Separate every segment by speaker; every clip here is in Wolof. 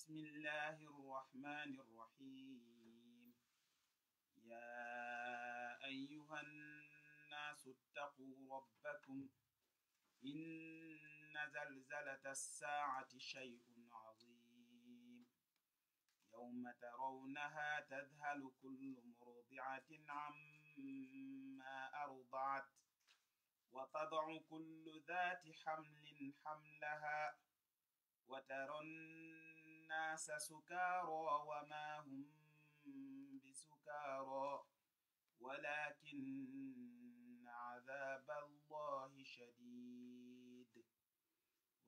Speaker 1: بسم الله الرحمن الرحيم يا أيها الناس اتقوا ربكم إن زلزلة الساعة شيء عظيم يوم ترونها تذهل كل مرضعة عما أرضعت وتضع كل ذات حمل حملها وترى الناس سكارى وما هم بسكارى ولكن عذاب الله شديد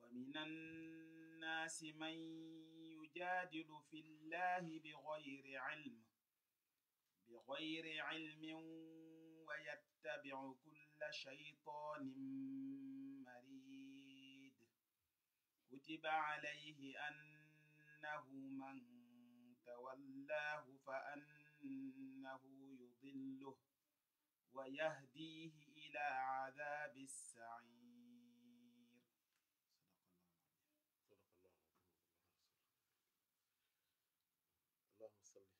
Speaker 1: ومن الناس من يجادل في الله بغير علم بغير علم ويتبع كل شيطان مريد كتب عليه أن أنه من تولاه فأنه يضله ويهديه إلى عذاب السعير
Speaker 2: صدق الله العظيم اللهم صل على سيدنا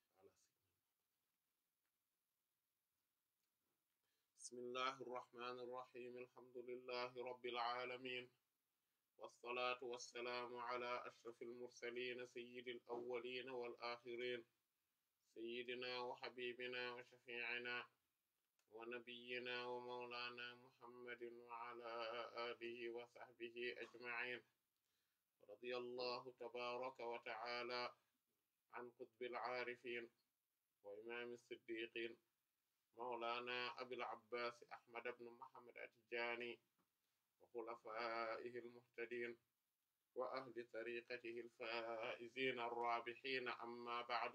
Speaker 2: بسم الله الرحمن الرحيم الحمد لله رب العالمين والصلاة والسلام على أشرف المرسلين سيد الأولين والآخرين سيدنا وحبيبنا وشفيعنا ونبينا ومولانا محمد وعلى آله وصحبه أجمعين رضي الله تبارك وتعالى عن قطب العارفين وإمام الصديقين مولانا أبي العباس أحمد بن محمد التجاني خلفائه المهتدين وأهل طريقته الفائزين الرابحين أما بعد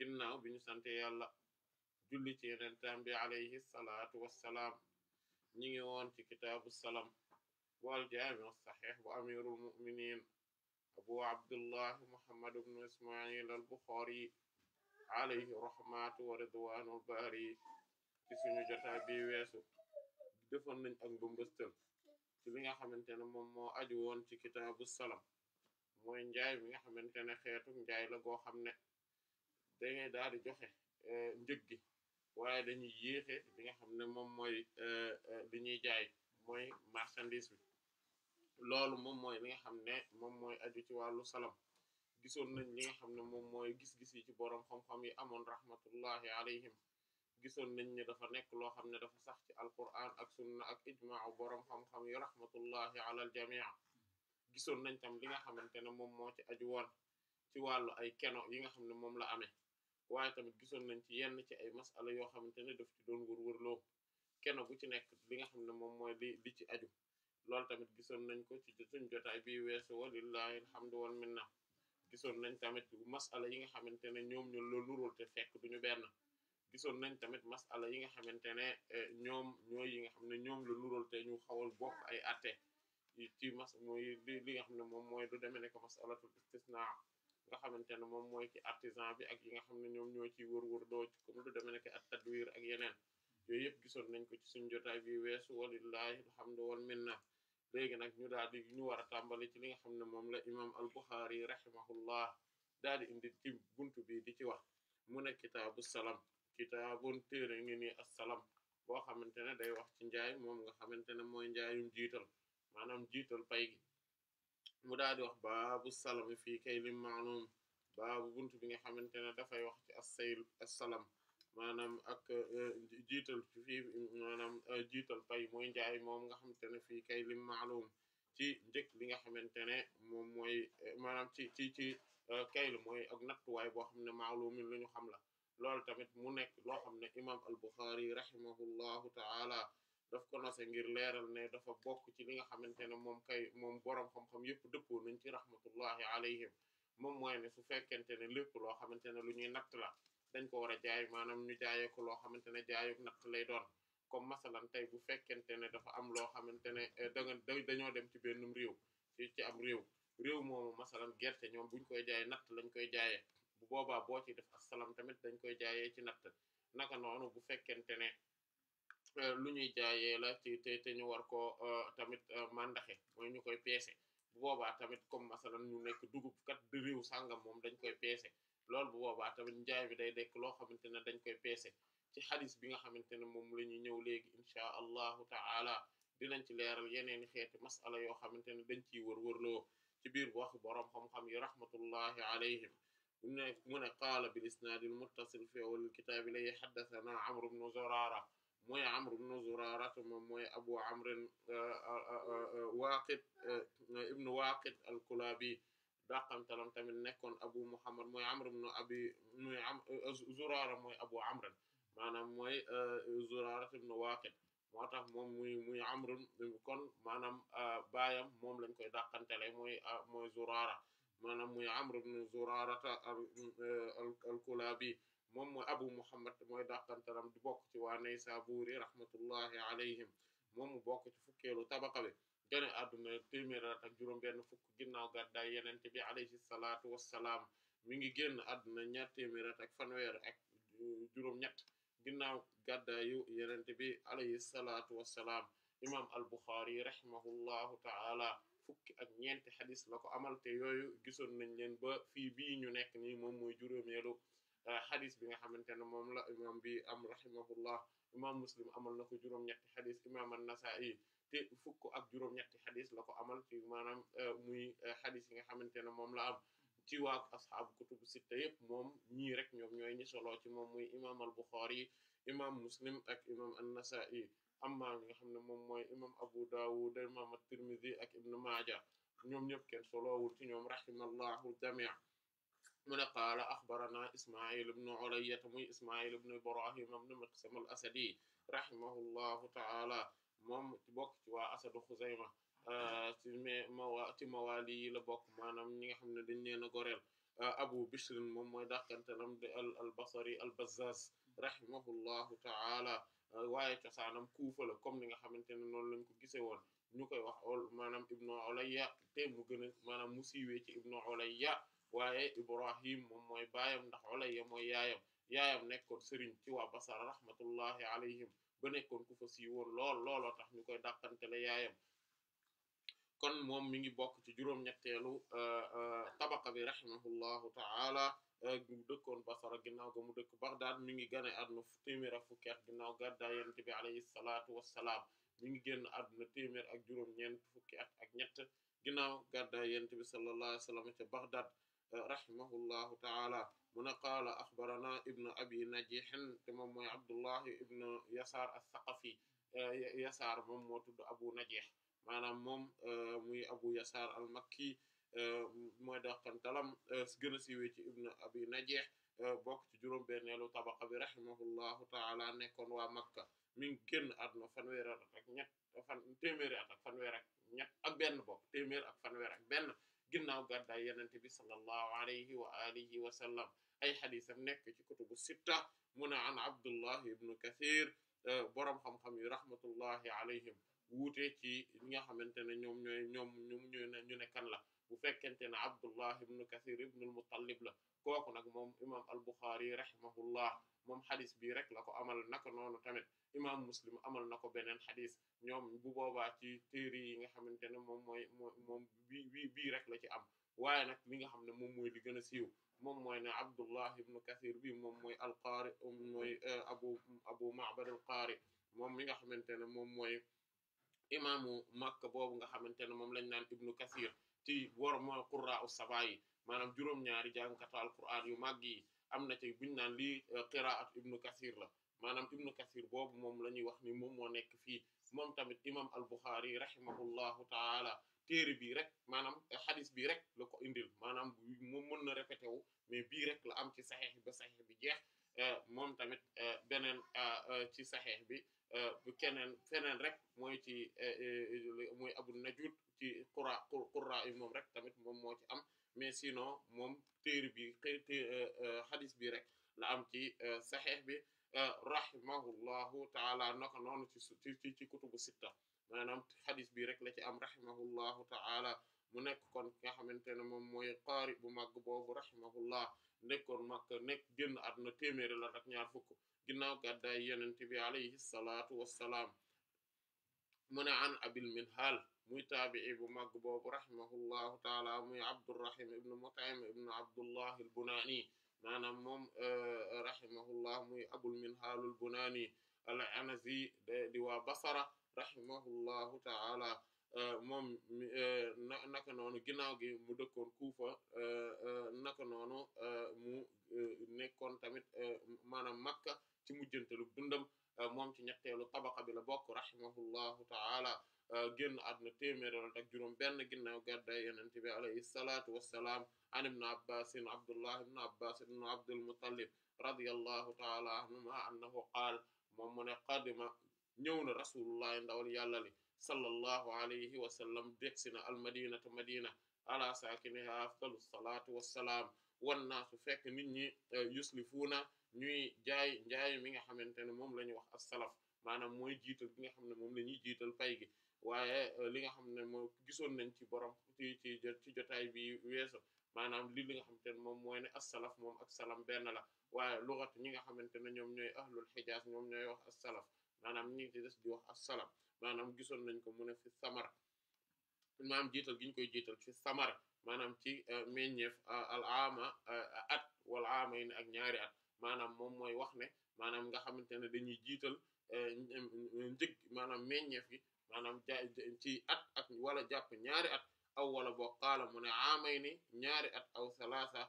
Speaker 2: جنة بن سنتي الله جلتي رنتان عليه الصلاة والسلام نيوان في كتاب السلام والجامع الصحيح وأمير المؤمنين أبو عبد الله محمد بن إسماعيل البخاري عليه رحمات ورضوان الباري في سنجة أبي ويسو defon nañ ak bumbeustal ci li nga xamante ne moom moo aju woon ci kitaabu salam mooy njaay mi nga xamante ne xeetu njaay la goo xam ne dangay daal di joxe eh, njëg gi waaye dañuy yéexe li nga xam ne moom mooy eh, eh, li ñuy jaay mooy marchandise bi loolu moom mooy li nga xam ne moom mooy aju ci wàllu salam gisoon na li nga xam ne moom mooy gis-gis yi ci borom xam-xam yi amoon rahmatullahi alayhim gisoon nañ ne dafa nekk loo xam ne dafa sax ci alquran ak sunna ak ijmaa borom xam-xam yi rahmatullahi ala al gisoon nañ tam li nga xamante ne moom moo ci aju woon ci wàllu ay keno yi nga xam ne moom la amee waaye tamit gisoon nañ ci yenn ci ay masala yoo xamante ne daf ci doon wër-wër loo keno bu ci nekk li nga xam ne moom mooy li li ci aju loolu tamit gisoon nañ ko ci suñ jotaay bi weesu walillahi alhamdu woon minna gisoon nañ tamit masala yi nga xamante ne ñoom ñu la nurul te fekk ñu benn gisoon nañ tamit masala yi nga xamante ne eh, ñoom ñooy yi nga xam ne ñoom la nural te ñu xawal bokk ay atte ci mas mooy li nga xam ne moom mooy du demee ne ko masalatul istisna nga xamante ne moom mooy ci artisan bi ak yi nga xam ne ñoom ñoo ciy wër-wër doo comme du demee ne ko at tadwir ak yeneen yooyu yëpp gisoon nañ ko ci suñ jotaay bi weesu walillahi alhamdu wal minna léegi nag ñu daal di ñu war a tàmbali ci li nga xam ne moom la imam al-Bukhari rahimahullah daal di indi ci buntu di ci wax mu ne kitaabu salaam kitaabun téere ngi nii assalam boo xamante ne day wax ci njaay moom nga xamante ne mooy njaayum jiital maanaam jiital pay gi mu daal di wax baabu salami fii kay lim baabu bunt bi nga xamante ne dafay wax ci assayl assalam maanaam ak euh, jiital fii maanaam euh, jiital pay mooy njaay moom nga xamante ne fii kay lim ci njëkk li nga xamante ne moom mooy euh, maanaam ci ci ci kayl mooy ak nattuwaay boo xam ne maalum lu ñu xam la loolu tamit mu nekk loo xam ne imam al-Bukhari rahimahullahu ta'ala daf ko nose ngir leeral ne dafa bokk ci li nga xamante ne moom kay moom boroom xam-xam yëpp dëppoo nañ ci rahmatullahi alayhim moom mooy ne su fekkente ne lépp loo xamante ne lu ñuy natt la dañ ko war a jaay maanaam ñu jaayee ko loo xamante ne jaayuk natt lay doon comme masalan tey bu fekkente ne dafa am loo xamante ne eh, da nga dañoo dem ci benn réew ci ci am réew réew moomu masalan gerte ñoom buñ koy jaay natt lañ koy jaayee bu boobaa boo ci def assalam tamit dañ koy jaayee ci natt naka noonu bu fekkente ne euh, lu ñuy jaayee la ci te te ñu war koo euh, tamit euh, mandaxe mooy ñu koy peese bu boobaa tamit comme masalan ñu nekk dugub kat di réew sàngam moom dañ koy peese loolu bu boobaa tamit njaay bi day dekk loo xamante ne dañ koy peese ci xadis bi nga xamante ne moom la ñu ñëw léegi inchaa allahu ta'ala dinañ ci leeral yeneeni xeeti masala yoo xamante ne dañ ciy wor wërloo ci biir wax boroom xam-xam yi rahmatullahi alayhim من قال بالإسناد المتصل في أول الكتاب إليه حدثنا عمرو بن زرارة موي عمرو بن زرارة ثم موي أبو عمرو آه، آه، آه، واقد ابن واقد الكلابي رقم تلم تمن نكون أبو محمد موي عمرو بن أبي موي عم زرارة موي أبو عمرو maanaam mooy Zuraarat ibn Waaqid moo tax moom muy muy Amr kon maanaam baayam moom lañ koy dàqantele mooy mooy Zuraara maanaam muy amr ibn zurarata alkulabi moom mooy abu muhammad mooy dàqantaram di bokk ci waa naysaburi rahmatullahi alayhim moom mu bokk ci fukkeelu tabaqa bi gane àdduna téeméer at ak juróom benn fukk ginnaaw gàddaay yenente bi alayhi salaatu wassalaam mi ngi génn àdduna ñaar téeméer at ak fanweer ak juróom ñett ginnaaw gàddaayu yenente bi alayhi salaatu wassalaam imam al buxaari rahimahullahu ta'ala fukki ak ñeenti xadis la ko amal te yooyu gisoon nañ leen ba fii bii ñu nekk nii moom mooy juróomeelu euh, xadis bi nga xamante ne moom la imam bi am rahimahullah imam muslim amal na ko juróom-ñetti xadis imam an-Nasa'i te fukk ak juróom-ñetti xadis la ko amal ci maanaam euh, muy euh, xadis yi nga xamante ne moom la am ci waa asxaabu kutubu sitta yëpp moom ñii rek ñoom ñooy ñi solo ci moom muy imam al-Bukhari imam muslim ak imam an-Nasa'i amma nga xamne mom moy imam Abu Dawud imam at-Tirmidhi ak Ibn ñom ñep ken solo solowul ci ñom rahimallahu jamii mu qala akhbarana Isma'il ibn Ulayya muy Isma'il ibn Ibrahim ibn Miqsam al-Asadi rahimahullahu ta'ala moom bok ci Asadu Xuzayma ci mawa ci mawali la ñi nga dañ Abu bisr mom moy dakantalam de al al Basri al Bazzaz rahimahullahu ta'ala Euh, waaye cosaanam kuufa la comme ni nga xamante ne noonu lañ ko gisee woon ñu koy wax ol maanaam ibnu ulayya te mu gën a maanaam mu siiwee ci ibnu ulayya waaye ibrahim moom mooy baayam ndax ulayya mooy yaayam yaayam nekkoon sëriñ ci waa basara rahmatullahi alayhim ba nekkoon ku fa siiwoon lool looloo tax ñu koy dàqante la yaayam kon moom mi ngi bokk ci juróom-ñetteelu euh, euh, tabaqa bi rahimahullahu ta'ala Euh, mu dëkkoon Basra ginnaaw ga mu dëkk Baghdad mi ngi gane àdduna téeméer ak fukki at ginnaaw gàddaay Yonent bi alayhi salaatu wassalaam mi ngi génn àdduna téeméer ak juróom ñeent fukki at ak ñett ginnaaw gàddaay Yonent bi sallallahu alayhi wa sallam ca Baghdad euh, rahimahullahu ta'ala mun a qaala axbarana ibnu abi najihin te moom mooy abdullahi ibnu yasaar as-saqafi euh, yasaar moom moo tudd abu najih maanaam moom muy abu yasaar al-makki mooy daqantalam gën a siiwee ci ibnu abi najih bokk ci juróom benneelu tabaqa bi rahimahullahu taala nekkoon waa makka mi ngi génn àdduna fanweer at ak ñett fan téeméeri at ak fanweer ak ñett ak benn bokk téeméer ak fanweer ak benn ginnaaw gàddaay yenente bi sallallahu alayhi wa alihi wa sallam ay xadiisam nekk ci kutubu sitta mu ne an abdullahi ibnu kathir boroom xam-xam yi rahmatullahi alayhim wuté ci ñi nga xamantene ñom ñoy ñom ñum ñoy ñu ne ñu ne kan la bu fekkente na Abdullah ibn kasir ibn al-Muttalib la koku nak mom imam al-Bukhari rahimahullah mom hadith bi rek lako amal nak nonu tamit imam Muslim amal nako benen hadith ñom bu boba ci téere yi nga xamantene mom moy mom moom bii rek la ci am waye nak li nga xamne mom moy mooy li gën siiw mom moy na Abdullah ibn kasir bi mom moy al-Qari moy abu abu ma'bar al-Qari mom mi nga xamantene mom moy imaamu Makka boobu nga xamante ne moom lañu naan ibnu Kathir ci borom qurra us-saba yi maanaam juróom-ñaari jàngkatu alquran yu màgg yi am na ci buñu naan lii euh, qiraat ibnu Kathir la maanaam ibnu Kathir boobu moom la ñuy wax ni moom moo nekk fii moom tamit imam al-Bukhari rahimahullahu taala téere bii rek maanaam euh, xadis bi rek la ko indil maanaam moom mën na répété wu mais bii rek la am ci saxiix ba saxiix bi jeex mom tamit benen ci sahih bi bu kenen fenen rek moy ci moy abu najud ci qura qura mom rek tamit mom mo ci am mais sinon mom teer bi hadith bi rek la am ci sahih bi rahimahullahu taala naka non ci ci ci kutubu sitta maanaam hadith bi rek la ci am rahimahullahu taala mu nek kon nga xamantene mom moy qari bu mag bobu rahimahullahu nekkon Makka nek génn aduna téméré la ak ñaar fukk ginnaaw gàddaay Yonent bi alayhi salaatu wassalaam mu ne an abil minhaal muy taabi'i bu mag boobu rahimahullahu taala muy abdurrahim ibnu mutaim ibnu abdullah al bunaani maanaam moom rahimahullah muy abul minhaal al bunaani al anazi di waa basara rahimahullahu taala Euh, moom euh, na naka noonu ginnaaw gi mu dëkkoon Kufa euh, naka noonu mu nekkoon tamit maanaam Makka ci mujjantalu dundam moom ci ñetteelu tabaqa bi la bokk rahimahullahu ta'ala génn àdduna téeméer ak juróom benn ginnaaw gàddaay yonent bi alayhi salaatu wassalaam an ibn Abbas Abdullah ibn Abbas ibn Abdul Muttalib ta'ala anhuma annahu qaal moom mu ne qadima ñëw na rasulullah ndawal yàlla li صلى الله عليه وسلم دكسنا المدينة مدينة على ساكنها أفضل الصلاة والسلام والناس فك نيني آه، يسلفونا ني جاي جاي ميغا خامتاني موم لاني واخ السلف مانام موي جيتال ميغا خامتاني موم لاني جيتال فايغي وايي آه، ليغا خامتاني مو غيسون نان تي بوروم تي تي جوتاي بي ويسو مانام لي ليغا خامتاني موم موي ني السلف موم اك سلام بن لا وايي لغه نيغا خامتاني نيوم ني اهل الحجاز نيوم ني واخ السلف maanaam ñi ci des di wax asalaam maanaam gisoon nañ ko mu ne fi samar maanaam jiital gi ñu koy jiital fi samar maanaam ci euh, meññeef euh, al ama euh, at wala ama yi ak ñaari at maanaam moom mooy wax ne maanaam nga xamante ne dañuy jiital njëg maanaam meññeef gi maanaam ci at ak wala jàpp ñaari at aw wala boo qaala mu ne aamay ni ñaari at aw salaasa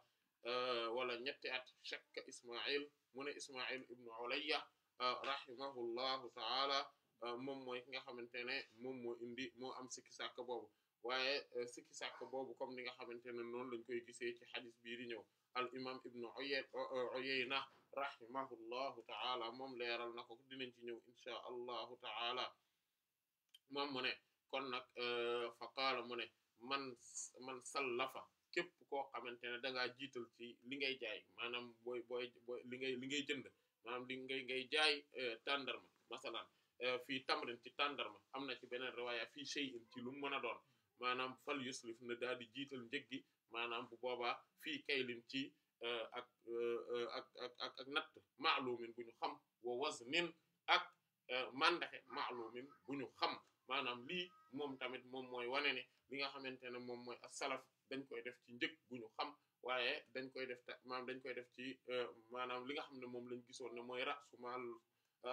Speaker 2: wala ñetti at shakka ismail mu ne ismail ibnu ulayya Euh, rahimahullahu ta'ala euh, moom mooy ki nga xamante ne moom moo indi moo am sikki sàkk boobu waaye euh, sikki sàkk boobu comme ni nga xamante ne noonu lañ koy gisee ci xadis bii di ñëw al imam ibnu uyayna rahimahullahu ta'ala moom leeral na ko dinañ ci ñëw inchaa allahu ta'ala moom mu ne kon nag fa qaala mu ne man man sallafa képp koo xamante ne da jiital ci li ngay jaay maanaam booy booy booy li ngay li ngay jënd maanaam li ngay ngay jaay euh, tàndarma masalan euh, fii tamrin ci tàndarma am na ci beneen riwaaya fii shay'in ci lu mu mën a doon maanaam fal yuslif na daal di jiital njëg gi maanaam bu boobaa fii kaylin ci euh, ak ak ak ak natt maalumin bu ñu xam wa waznin ak mandaxe maalumin bu ñu xam maanaam lii moom tamit moom mooy wane ne li nga xamante ne moom mooy as salaf dañ koy def ci njëg gu ñu xam waaye dañ koy def ta maanaam dañ koy def ci euh, maanaam li nga xam ne moom lañ gisoon ne mooy rasu maal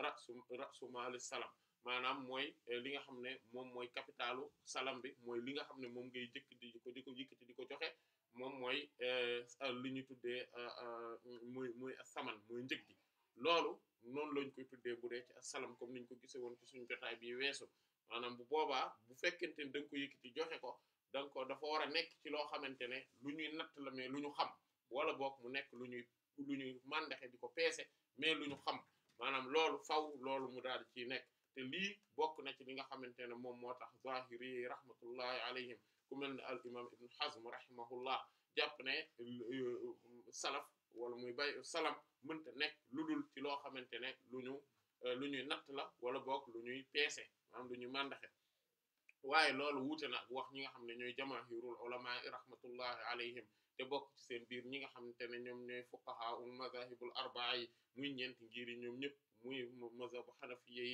Speaker 2: rasu rasu maal salam maanaam mooy euh, li nga xam ne moom mooy capitalu salam bi mooy li nga xam ne moom ngay jëkk di ko di ko yëkkati di ko joxe moom mooy euh, li ñu tuddee muy muy saman mooy njëg loolu noonu lañ koy tuddee bu dee ci asalaam comme niñ ko gisee woon ci suñu jotaay bi weesu maanaam bu boobaa bu fekkente ne da nga ko joxe ko donc dafa war a nekk ci loo xamante ne lu ñuy natt la mais lu ñu xam wala bokk mu nekk lu ñuy lu ñuy màndaxe di ko peese mais lu ñu xam maanaam loolu faw loolu mu daal ci nekk te lii bokk na ci li nga xamante ne moom moo tax zahiri rahmatullahi alayhim ku mel ne al imam ibn hazm rahimahullah jàpp ne euh, salaf wala muy bay salam mënta nekk lu dul ci loo xamante ne lu ñu euh, lu ñuy natt la wala bokk lu ñuy peese maanaam lu ñuy màndaxe waye lolou wouté na wax ñi nga xamné ñoy jamaahirul ulamaa rahmatullahi alayhim te bok ci seen biir ñi nga xamante ne ñom ñoy fuqaha ul mazahibul arbaa yi muy ñeenti ngir yi ñoom muy mazhab xanafiya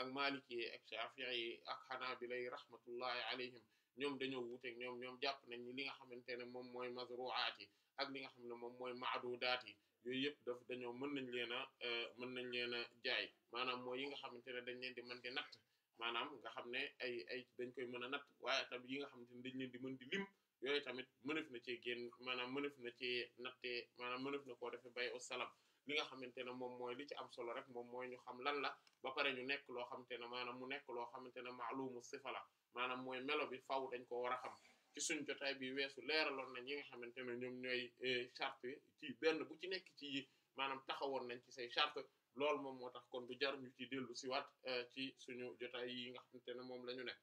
Speaker 2: ak maliki ak shafii ak hanabilay yi rahmatullahi alayhim ñom dañoo wouté ñom ñom jàpp nañ ni li nga xamante ne moom mooy mazruaat ak li nga xamné mom moy ma'dudati yoy yep yooyu yëpp dañoo mën nañ leena euh mën nañ leena jaay manam moy yi nga xamante ne dañ leen di mën di natt maanaam nga xam ne ay ay dañ koy mën a natt waaye tamit yi nga xamante ni dañ leen di mën di lim yooyu tamit mënef na cee génn maanaam mënef na cee nattee maanaam mënef na koo defee bay salam li nga xamante ne moom mooy li ci am solo rek moom mooy ñu xam lan la ba pare ñu nekk loo xamante ne maanaam mu nekk loo xamante ne maalumu sifa la maanaam mooy melo bi faaw dañ ko war a xam ci suñ jotaay bi weesu leeraloon nañ yi nga xamante ne ñoom ñooy eh, charte ci benn bu ci nekk ci yi maanaam taxawoon nañ ci say charte loolu moom moo tax kon du jar ñu ci dellu siwaat euh, ci suñu jotaay yi nga xamante ne moom la ñu ne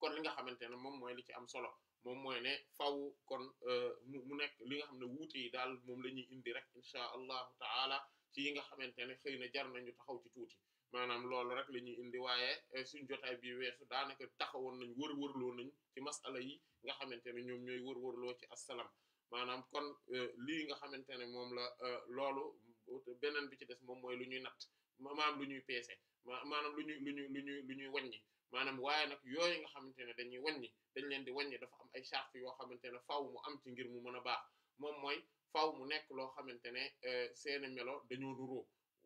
Speaker 2: kon li nga xamante ne moom mooy li ci am solo moom mooy ne faw kon euh, mu nekk li nga xam ne wuute daal moom la ñuy indi rek incha allahu taala ci yi nga xamante ne xëy na jar nañu taxaw ci tuuti maanaam loolu rek la ñuy indi waaye euh, suñu jotaay bi weesu daanaka taxawoon nañ wër-wërloo nañ ci masala yi nga xamante ne ñoom ñooy wër-wërloo ci assalam maanaam kon lii nga xamante ne moom la loolu beneen bi ci des moom mooy lu ñuy nat maanaam lu ñuy peese maanaam lu ñuy lu ñuy lu ñuy lu ñuy wàññi maanaam waaye nag yooyu nga xamante ne dañuy waññi dañ leen di wàññi dafa am ay charte yoo xamante ne faw mu am ci ngir mu mën a baax moom mooy faw mu nekk loo xamante ne euh, seeni melo dañoo nuroo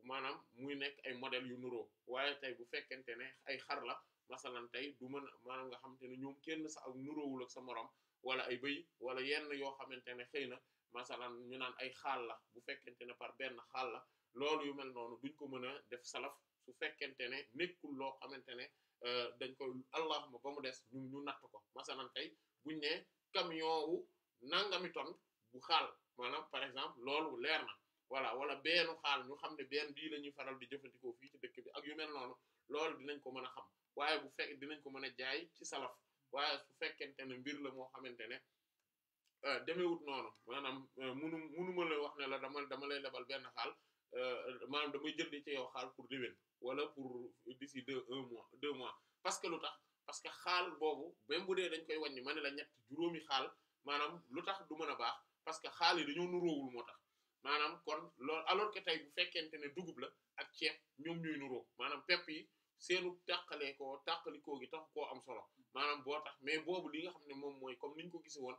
Speaker 2: maanaam muy nekk ay modèle yu nuroo waaye tey bu fekkente ne ay xar la masalan tey du mën a maanaam nga xamante ne ñoom kenn sax ak nuroowul ak sa morom wala ay bëy wala yenn yoo xamante ne xëy na masalan ñu naan ay xaal la bu fekkente ne par benn xaal la loolu yu mel noonu duñ ko mën a def salaf su fekkente ne nekkul loo xamante ne euh, dañ ko ma ba mu des ñu ñu natt ko masalan tey buñ ne camion wu nangami ton bu xaal maanaam par exemple loolu leer na voilà wala benn xaal ñu xam ne benn bii la ñuy faral di jëfandikoo fii ci dëkk bi ak yu mel noonu loolu dinañ ko mën a xam waaye bu fekk dinañ ko mën a jaay ci salaf waaye su fekkente ne mbir la moo xamante ne Euh, demeewut noonu maanaam euh, munu munuma la wax ne la dama dama lay lebal benn xaal euh, maanaam damay jënd ci yow xaal pour déwén wala pour d'ici deux un mois deux mois parce que lu tax parce que xaal boobu même bu dee dañ koy wàññi ma ne la ñett juróomi xaal maanaam lu tax du mën a baax parce que xaal yi dañoo nuróowul moo tax maanaam kon loolu alors que tey bu fekkente ne dugub la ak ceeb ñoom ñooy nuróo maanaam pepp yi seenu tàqalee koo tàqalikoo gi tax koo am solo maanaam boo tax mais boobu li nga xam ne moom mooy comme niñ ko gise woon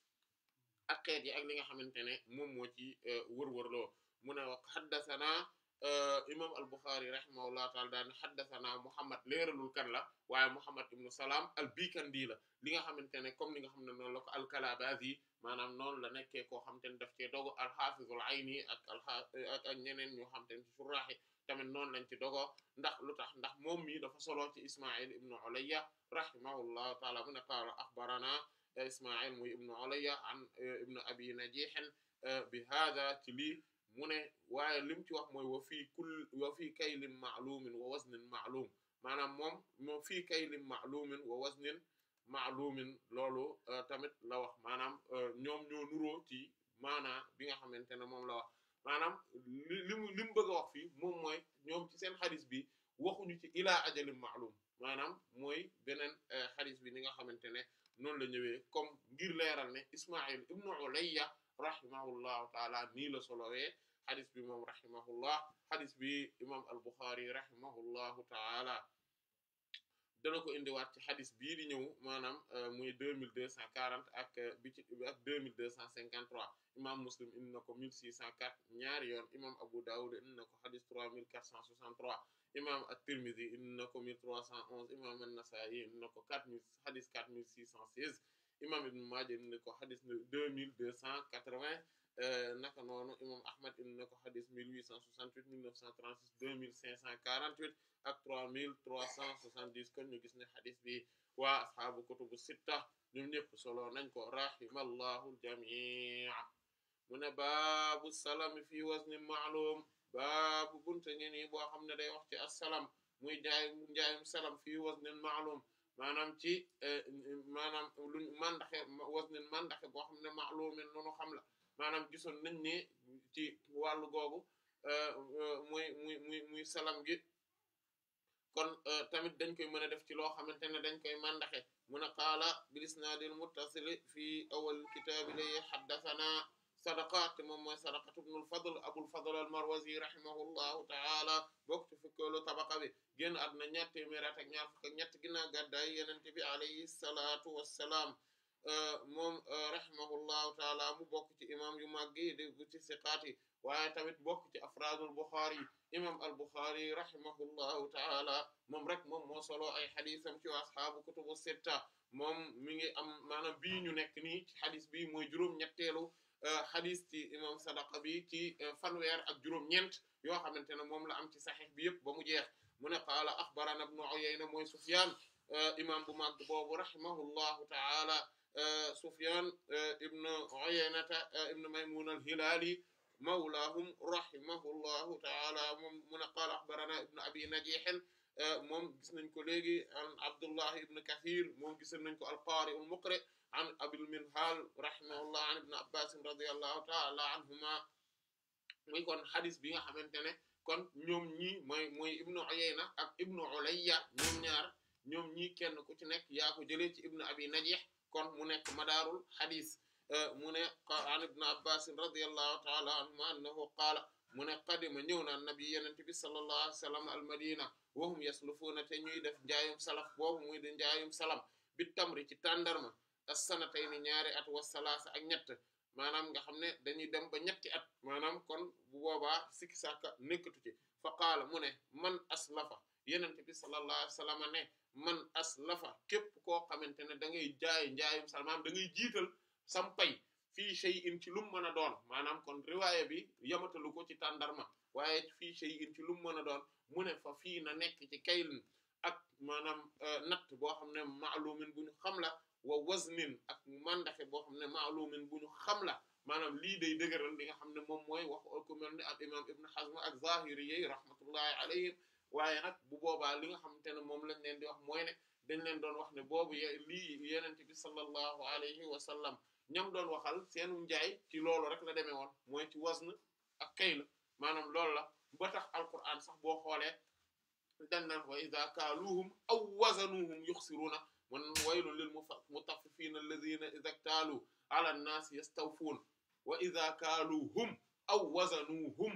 Speaker 2: ak yi ak li nga xamantene mom mo moo ci wërwërloo mu ne wax hadathana imam al-Bukhari rahimahullah taala dan hadathana Muhammad leralul kan la waaye Muhammad ibn salam al-Bikandi la li nga xamantene comme li nga xamne non noonu la ko al-Kalabazi manam non la nekké ko xamantene daf ci dogo al-Hafizul Ayni ak ak ak ñeneen ñu xamantene ne ci surraaxi tamit noonu lañ ci dogo ndax lutax ndax mom mi dafa solo ci Isma'il ibn Ulayya rahimahullah taala mun qala akhbarana Ismaïl muy ibnu Ulayya an ibnu Abi Najih bihaada ci lii mu ne waaye lim ci wax mooy wa fii kull wa fii kaylin ma'lumin wa waznin ma'lum maanaam moom moo fii kaylin ma'lumin wa waznin ma'lumin loolu tamit la wax maanaam ñoom ñoo nuroo ci maanaa bi nga xamante ne moom la wax maanaam li li mu li mu bëgg a wax fii moom mooy ñoom ci seen xadis bi waxuñu ci ilaa ajalin ma'lum maanaam mooy beneen xadis bi ni nga xamante ne non la ñëwé comme ngir léral ne Ismaïl ibn Ulayya rahimahullahu taala ni la solo wé hadith bi moom rahimahullah hadith bi imam al Bukhari rahimahullahu taala dana ko indiwaat ci xadis bii di ñëw maanaam euh, muy deux mille deux cent quarante ak euh, bi ci ak deux mille deux cent cinquante trois muslim indi na ko mille six cent quatre ñaari yoon imaam abu dawud indi na ko xadis trois mille quatre cent soixante trois imaam at-tirmidhi na ko mille trois cent onze imaam an-nasa'i na ko quatre mille xadis quatre mille six cent seize imaam ibn ko xadis deux mille deux cent quatre vingt Euh, a noonu imam ahmad indi na ko xadis 1868 1936 2548 ak 3370 kon ñu gis ne xadis bi waa asxaabu kutubu sitta ñoom ñëpp solo nañ ko rahimallahu ljamia mu ne baabu salami fii wazni maalum baabu bunte ngi nii boo xam ne day wax ci assalam muy jaay njaayum salam fii wasnin maalum maanaam ci euh, maanaam luñ mandaxe wasnin mandaxe boo xam ne maalumin nunu xam la manam gisoon nañ ni ci walu gogou euh muy muy muy salam gi kon tamit dañ koy mën def ci lo xamantene dañ koy màndaxe muna qala qaala bil isnaadil fi awal kitab li xaddasana sadaqat mom moy sadaqat ibn al fadl abul fadl al marwazi rahimahu allah taala bokk ci fukkeelu tabaqa bi génn àdduna ñaar téeméer ak ñaar fuk ak ñett ginnaaw gàddaay yenente bi alayhi salatu wassalam moom rahimahullahu taala mu bokk ci imam yu màgg yi dégg ci siqaat yi tamit bokk ci afraadul Buxaari imam al Buxaari rahimahullahu taala moom rek moom moo solo ay xadisam ci ashaabu kutubu sitta moom mi ngi am maanaam bii ñu nekk nii ci xadis bii mooy juróom-ñetteelu xadis ci imam sadaqa bi ci fanweer ak juróom-ñeent yoo xamante ne moom la am ci saxiix bi yëpp ba mu jeex mu ne qaala axbarana Uyayna mooy Sufyaan imam bu màgg boobu rahimahullahu taala Sufyan ibn Uyaynata ibn Maymun al-Hilali mawlaahum rahimahullahu ta'ala moom mun a qaala axbarana ibn abi najih moom gis nañ ko léegi an Abdullah ibn Kathir moom gis nañ ko al-Qari al-Muqri an Abil Minhal rahimahullah an ibn Abbas radiyallahu ta'ala anhuma muy kon xadis bi nga xamante ne kon ñoom ñii mooy mooy ibnu Uyayna ak ibnu Ulayya ñoom ñaar ñoom ñii kenn ku ci nekk yaa ko jëlee ci ibn abi najih kon mu nekk madaarul xadis euh, mu ne an ibn abbas radiyallahu taala anhuma annahu qaala mu ne qadima ñëw na nabi yenent bi sallallahu alayhi wa sallam al madina wahum yaslufuuna te ñuy def njaayum salaf boobu muy di njaayum salam bi tamri ci tàndarma as-sanatayni ñaari at wa salaasa ak ñett maanaam nga xam ne dañuy dem ba ñetti at maanaam kon bu boobaa sikki sàkka nekkatu ci fa qaala mu ne man aslafa yenent bi sallallahu alayhi wa ne man aslafa képp koo xamante ne da ngay jaay njaayum sa maanaam da ngay jiital sam pay fii shay'in ci lum mën a doon maanaam kon riwaaya bi yamatalu ko ci tàndarma waaye fii shay'in ci lum mën a doon mu ne fa fii na nekk ci kaylin ak maanaam euh, natt boo xam ne maalumin bu ñu xam la wa waznin ak mandaxe boo xam ne maalumin bu ñu xam la maanaam lii dey dëgëral li nga xam ne moom mooy wax ko mel ni al imam ibn Hazm ak zahiri yi rahmatullahi alayhim waye nak bu boba li nga xamantene mom lañ leen di wax moy ne dañ leen doon wax ne bobu lii yenent bi sallallahu alayhi wa sallam ñam doon waxal seenu njaay ci loolu rek la demee woon mooy ci wasn ak kay manam loolu la ba tax alquran sax bo xole dañ naan wa iza kaluhum aw wazanuhum yukhsiruna mun waylun lil mutaffifiina alladhiina iza kalu ala an nas yastawfun wa iza kaluhum aw wazanuhum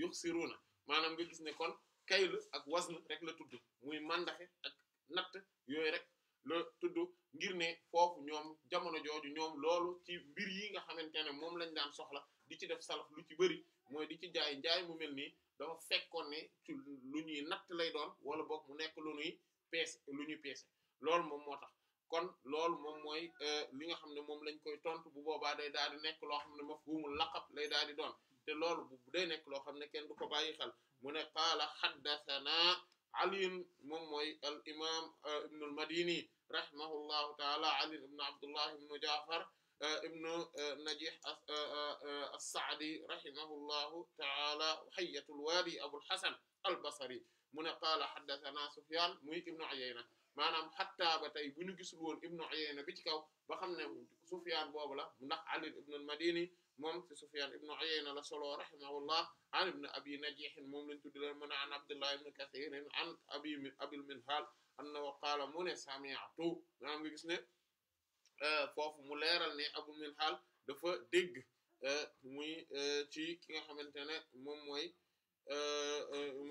Speaker 2: yukhsiruna manam nga gis ne kon kaylu ak wasnu rek la tudd muy mandaxe ak natt yooyu rek la tudd ngir ne foofu ñoom jamono jooju ñoom loolu ci mbir yi nga xamante ne moom lañ daan soxla di ci def salaf lu ci bëri mooy di ci jaay njaay mu mel nii dafa fekkoon ne lu ñuy natt lay doon wala boog mu nekk lu ñuy lu ñuy peese loolu moom moo tax kon loolu moom mooy euh, li nga xam ne moom lañ koy tontu bu boobaa day daal di nekk loo xam ne mafhumul laqab lay daal di doon te loolu bu day nekk loo xam ne kenn du ko bàyyi xel من قال حدثنا علي مموي الإمام ابن المديني رحمه الله تعالى علي بن عبد الله بن جعفر ابن نجيح السعدي رحمه الله تعالى حية الوادي أبو الحسن البصري من قال حدثنا سفيان مي ابن عيينة manam hatta batay buñu gisul won ibnu ayyana bi ci kaw ba xamne sufyan bobu la ndax ali ibn al-madini مومت سفيان ابن عيينة لصلاة رحمه الله عن ابن أبي نجيح مومنت دلالمنا عن عبد الله ابن كثير عن أبي, أبي المنهال أنه قال من سامعتو نعم بيكسنة فوف مولير أن أبو المنهال دفع ديج موي تي كي حملتنا مموي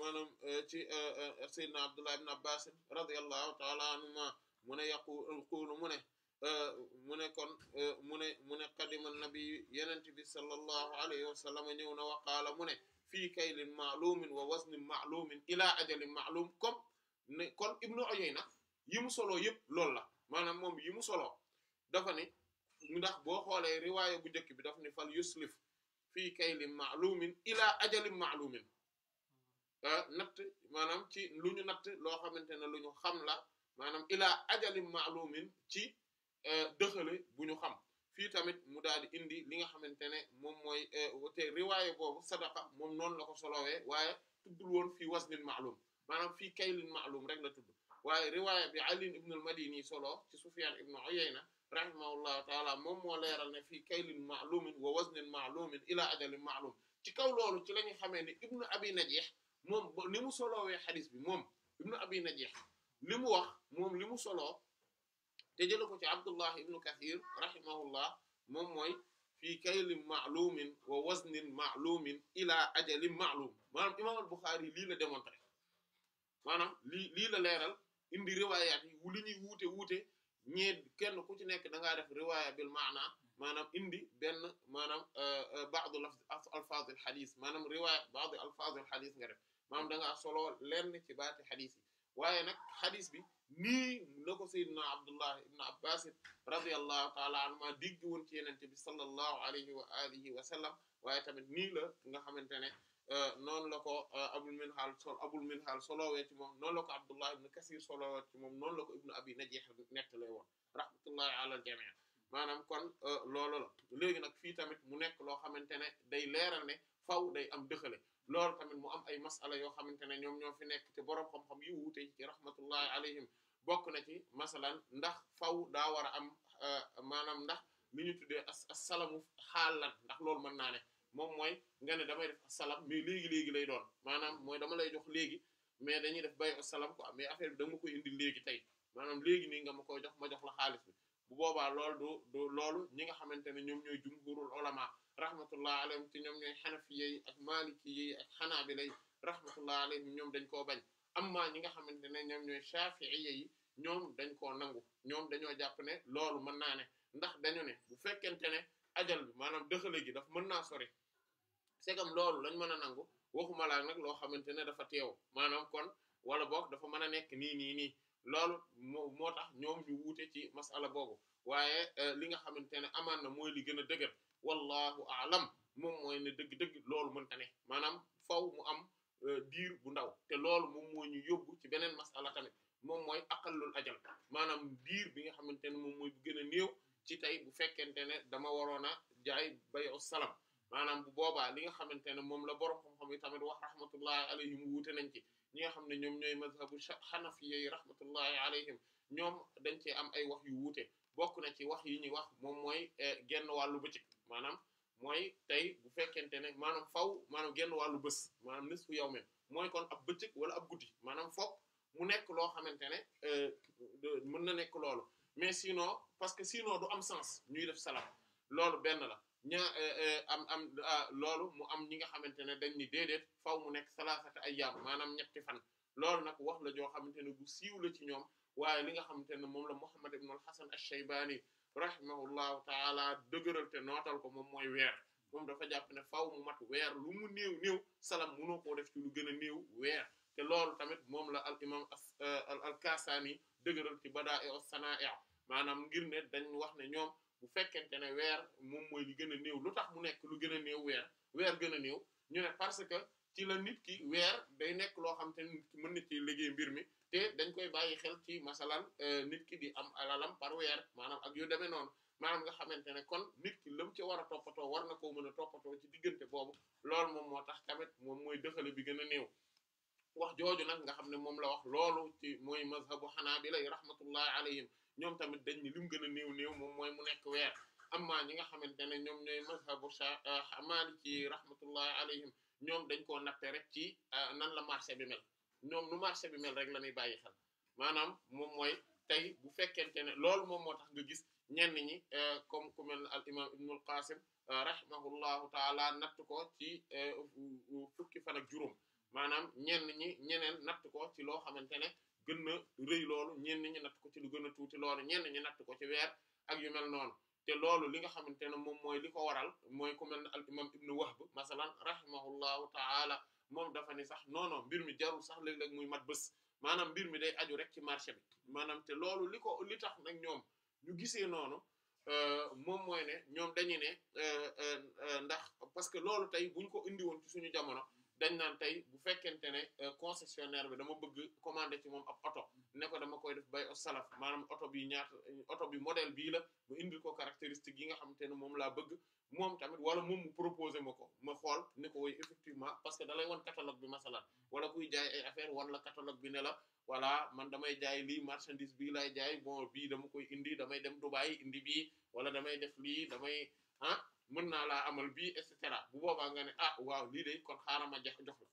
Speaker 2: manam ci euh euh sayyidna abdullah ibn abbas radiyallahu ta'ala anuma mun yaqul qul mun mune kon mune mune qadima nabi yenent bi sallallahu alayhi wa sallam ñëw wa qala mune fi kaylin ma'lumin wa waznin ma'lumin ila ajalin ma'lum kom ne kon ibnu Uyayna yi solo yep lol la manam mom yi solo dafa ni ndax bo xolé riwaya bu njëkk bi dafa ni fal yuslif fi kaylin ma'lumin ila ajalin ma'lumin nat manam ci luñu nat lo xamantene luñu xam la manam ila ajalin ma'lumin ci dexele buñu xam fi tamit mu daal indi li nga xamantene mom moy mooy te riwaaye boobu sadaqa mom non la ko solo we waye tuddul won fi wasnin ma'lum manam fi kaylin ma'lum rek la tuddu waye riwaya bi Ali ibn al-Madini solo ci Sufyan ibn Uyayna rahimahullahu taala mom mo leral ne fi kaylin ma'lum wa wasnin ma'lum ila ajalin ma'lum ci kaw lolu ci lañu xamé ni ibn abi najih mom ni mu we hadith bi mom ibn abi najih limu wax mom limu solo te jëla ko ci abdullah ibn kathir rahimahullah mom moy fi kayl ma'lum wa wazn ma'lum ila ajal ma'lum manam imam al-Bukhari li la démontré manam li la leral indi riwaayaat yi li ni wute wute ñe kenn ku ci nek da nga def riwaya bil ma'na manam indi ben manam ba'd al-alfaz al hadith manam riwaya ba'd al-alfaz al hadith nga def da nga solo lenn ci baati xadis yi waye nak hadith bi nii la ko sayyidina abdullah ibn abbas radiyallahu ta'ala anhuma digg woon ci yenente bi sallallahu alayhi wa alihi wa sallam waaye tamit nii la nga xamante ne noonu la ko abul minhal sol abul minhal solowee ci moom noonu la ko abdullah ibn kasir solowee ci moom noonu la ko ibnu abi najih nettalee woon rahmatullahi ala al jami' maanaam kon loolu la léegi nag fii tamit mu nekk loo xamante ne day leeral ne faw day am dëxale loolu tamit mu am ay masala yoo xamante ne ñoom ñoo fi nekk te boroom xam-xam yu wuute ci rahmatullahi alayhim bokk na ci masalan ndax faw daa war a am euh, maanaam ndax li ñu tuddee as salamu xaalan ndax loolu mën naa ne moom mooy nga ne damay def salam mais léegi léegi lay doon maanaam mooy dama lay jox léegi mais dañuy def bay salam quoi mais affaire bi da nga koy indi léegi tey maanaam léegi nii nga ma koy jox ma jox la xaalis bi bu boobaa loolu du du loolu ñi nga xamante ne ñoom ñooy jumhurul ulama rahmatullah alayhim ci ñoom ñooy xanafiye yi ak maliki yi ak xanaabila yi rahmatullah alayhim ñoom dañ koo bañ amma ñi nga xamante ne ñoom ñooy shafi'iye ñoom dañ koo nangu ñoom dañoo jàpp ne loolu mën naa ne ndax dañu ne bu fekkente ne ajal bi maanaam dëxale gi daf mën naa sori c'est loolu dañ mën a nangu waxuma laa nag loo xamante ne dafa teew maanaam kon wala boog dafa mën a nekk nii nii nii loolu moo moo tax ñoom ñu wuute ci masala boobu waaye euh, li nga xamante ne amaan na mooy li gën a dëgër wallahu alam moom mooy ne dëgg-dëgg loolu mënta tane maanaam faw mu am euh, diir bu ndaw te loolu moom moo ñu yóbbu ci beneen masala tamit moom mooy aqallul ajal maanaam diir bi nga xamante ne moom mooy bu gën a néew ci tey bu fekkente ne dama waroon a jaay bayu salam maanaam bu boobaa li nga xamante ne moom la borom xam-xam yi tamit wax rahmatullahi alayhim wuute nañ ci ñi nga xam ne ñoom ñooy mazhabu xanafiya yi rahmatullahi alayhim ñoom dañ cee am ay wax yu wuute bokk na ci wax yi ñuy wax moom mooy euh, genn wàllu bëccëg maanaam mooy tey bu fekkente ne maanaam faw maanaam genn wàllu bës maanaam nisfu yawmin mooy kon ab bëccëg wala ab guddi maanaam fokk mu nekk loo xamante ne euh, mën na nekk loolu mais sinon parce que sinon du am sens ñuy def salaat loolu benn la ñaa euh, euh, am am ah, loolu mu am ñi nga xamante ne dañ ni déedéet faw mu nekk a ayyaam maanaam ñetti fan loolu nag wax la joo xamante ne bu siiw la ci ñoom waaye li nga xamante ne moom la Muhammad ibn al-Hasan ash-Shaybani rahimahullahu taala dëgëral te nootal ko moom mooy weer moom dafa jàpp ne faaw mu mat weer lu mu néew néew salam mënoo koo def ci lu gën a néew weer te loolu tamit moom la al imam euh, al Kasaani dëgëral ci Badaa'i as-Sanaa'i maanaam ngir ne dañ wax ne ñoom bu fekkente ne weer moom mooy lu gën a néew lu tax mu nekk lu gën a néew weer weer gën a néew ñu ne parce que ci la nit ki weer day nekk loo xam te nit ki mën na ci liggéey mbir mi te dañ koy bàyyi xel ci masalan euh, nit ki bi am alalam par weer maanaam ak yu demee noonu maanaam nga xamante ne kon nit ki lam ci war a toppatoo war na koo mën a toppatoo ci diggante boobu lool moom moo tax tamit moom mooy dëxale bi gën a néew wax jooju nag nga xam ne moom la wax loolu ci mooy mazhabu xanaabila rahmatullahi alayhim ñoom tamit dañ ni lim gën a néew néew mooy mu nekk weer amma ñi nga xamante ne ñoom ñooy mazhabu euh, maliki ci rahmatullahi alayhim ñoom dañ koo natte rek ci euh, nan la marché bi mel ñoom nu marché bi mel rek la ñuy bàyyi xel maanaam moom mooy tey bu fekkente ne loolu moom moo tax nga gis ñenn ñi kom euh, ku mel ne al imam ibnul qasim euh, rahimahullahu taala natt ko ci euh, fukki fan ak juróom maanaam ñenn ñi ñeneen natt ko ci loo xamante ne gën na rëy loolu ñenn ñi natt ko ci lu gën a tuuti loolu ñenn ñi natt ko ci weer ak yu mel noonu te loolu li nga xamante ne moom mooy li ko waral mooy ku mel ne al imam ibnu wahb masalan rahimahullahu taala moom dafa ni sax non mbir mi jarul sax léeg-léeg muy mat bës maanaam mbir mi day aju rek ci marché bi maanaam te loolu li ko li tax nag ñoom ñu gisee noonu euh, moom mooy ne ñoom dañu ne euh, euh, ndax parce que loolu tey buñ ko indi ci suñu jamono dañ naan tey bu fekkente ne concessionnaire bi dama bëgg commander ci moom ab oto ne ko dama koy def bay o salaf manam auto bi ñaata auto bi model bi la mu indi ko caractéristique yi nga xamantene mom la bëgg mom tamit wala mom mu proposer mako ko ma xol ne ko way effectivement parce que da lay catalogue bi masalan wala kuy jaay ay affaire wan la catalogue bi ne la wala man damay jaay li marchandise bi lay jaay bon bi dama koy indi damay dem dubai indi bi wala damay def li damay ah mën na la amal bi et cetera bu boba nga ne ah waaw li de kon xaram ma jox jox la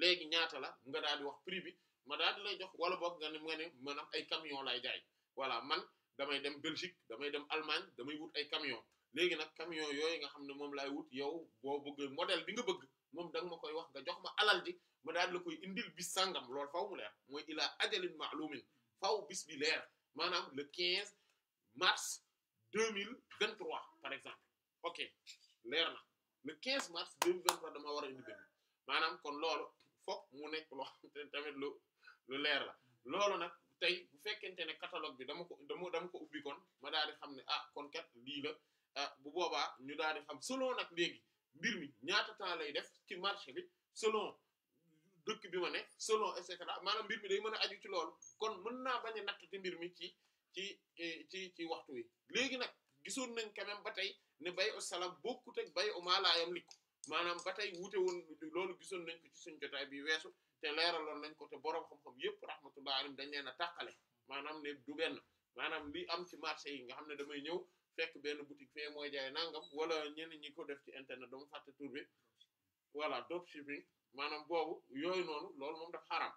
Speaker 2: léegi ñaata la nga daal di wax prix ma daal di lay jox wala boog nga ne nga ne maanaam ay camion lay jaay voilà man damay dem Belgique damay dem Allemagne damay wut ay camion léegi nag camion yooyu nga xam ne moom laay wut yow boo bëgg modèle bi nga bëgg moom danga ma koy wax nga jox ma alal ji ma daal di la koy indil bis sangam loolu faw mu leer mooy ilaa ajalin ma'lumin faw bis bi leer maanaam le 15 mars 2023 par exemple ok leer na le 15 mars 2023 dama war a indi benn maanaam kon loolu fokk mu nekk loo xam te lu la loolu nag tey bu fekkente ne catalogue bi dama ko dama dama ko ubbi kon ma daal di xam ne ah kon kat lii la ah bu boobaa ñu daal di xam selon nag léegi mbir mi ñaata temps lay def ci marché bi selon dëkk bi ma ne selon et cetera maanaam mbir mi day mën a aju ci loolu kon mën naa bañ a natt te mbir mi ci ci ci ci waxtu wi léegi nag gisoon nañ quand ba tey ne bay o salam bokkut ak bay o maalaayam liko maanaam ba tey wuute woon loolu gisoon nañ ko ci suñ jotaay bi weesu te leeraloon nañ ko te borom xam-xam yëpp rahmatullah dañ leen a tàqale maanaam ne du benn maanaam li am ci marché yi nga xam ne damay ñëw fekk benn boutique fee mooy jaay nangam wala ñenn ñi ko def ci internet dama fàtte tur bi voilà dropshipping maanaam boobu yooyu noonu loolu moom dafa xaram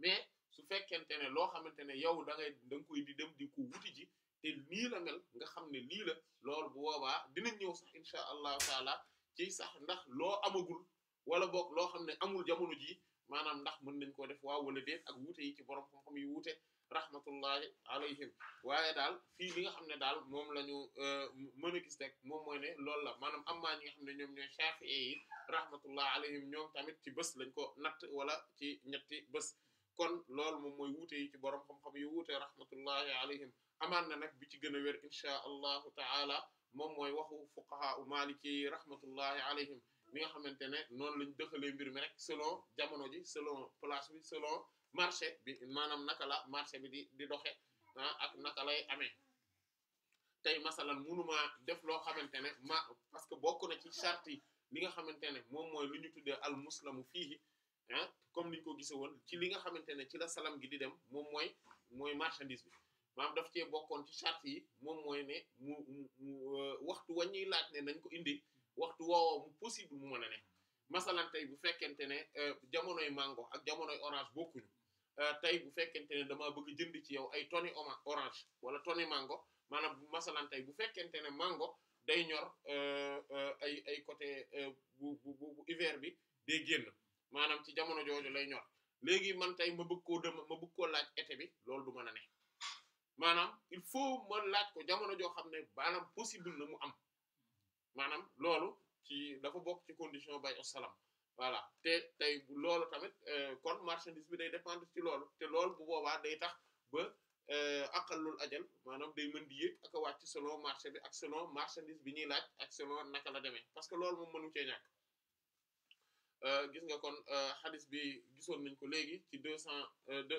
Speaker 2: mais su fekkente ne loo xamante ne yow da ngay da koy di dem di ko wuti ji te nii la nga xam ne lii la loolu bu boobaa dinañ ñëw sax incha allahu taala ci sax ndax loo amagul wala boog loo xam ne amul jamono jii maanaam ndax mën nañ koo def waaw wala ak wuute yi ci borom xam-xam yi wuute rahmatullahi alayhim waaye daal fii li nga xam ne daal moom la ñu euh, mën a gis rek moom mooy ne loolu la maanaam ammaa ñi nga xam ne ñoom ñooy Shafi'i yi rahmatullahi alayhim ñoom tamit ci bés lañ ko natt wala ci ñetti bés kon loolu moom mooy wuute yi ci borom xam-xam yi wuute rahmatullahi alayhim amaan na nag bi ci gën a wér inchaa allahu taala moom mooy waxu fuqaha u maliki yi alayhim ni nga xamantene non noonu lañ dëxalee mbir mi rek selon jamono ji selon place bi selon marché bi manam naka la marché bi di di doxé ah, ak naka lay amé tay masalan mënuma def lo xamantene ma parce que bokku na ci charte li nga xamantene mom moy lu al muslamu fihi ah comme niñ ko gise won ci li nga xamantene ci la salam gi di dem mom moy moy marchandise bi manam daf ci bokkon ci charte yi mom moy ne mu mu euh, waxtu wañuy laat né nañ ko indi waxtu woowoo mu possible mu mën a ne masalan bu fekkente ne euh, jamonoy mango ak jamonoy orange bokkuñu euh, tey bu fekkente ne damaa bëgg jënd ci yow ay toni orange wala toni mango maanaam masalan tey bu fekkente ne mango day ñor euh, ay ay côté bu bu bu bi day génn maanaam ci jamono jooju lay ñor léegi man tey ma bëgg koo dem ma bëgg ko laaj été bi loolu du mën a ne maanaam il faut ma laaj ko jamono joo xam ne maanaam possible na mu am maanaam loolu ci dafa bokk ci condition bay salam voilà te tey loolu tamit euh, kon marchandise bi day dépendre ci loolu te loolu bu boobaa day tax ba euh, aqallul ajal maanaam day mën di yéeg ak a wàcc selon marché bi ak selon marchandise bi ñuy laaj ak selon naka la demee parce que loolu moom mënu cee ñàkk euh, gis nga kon xadis bi gisoon nañ ko léegi ci deux cent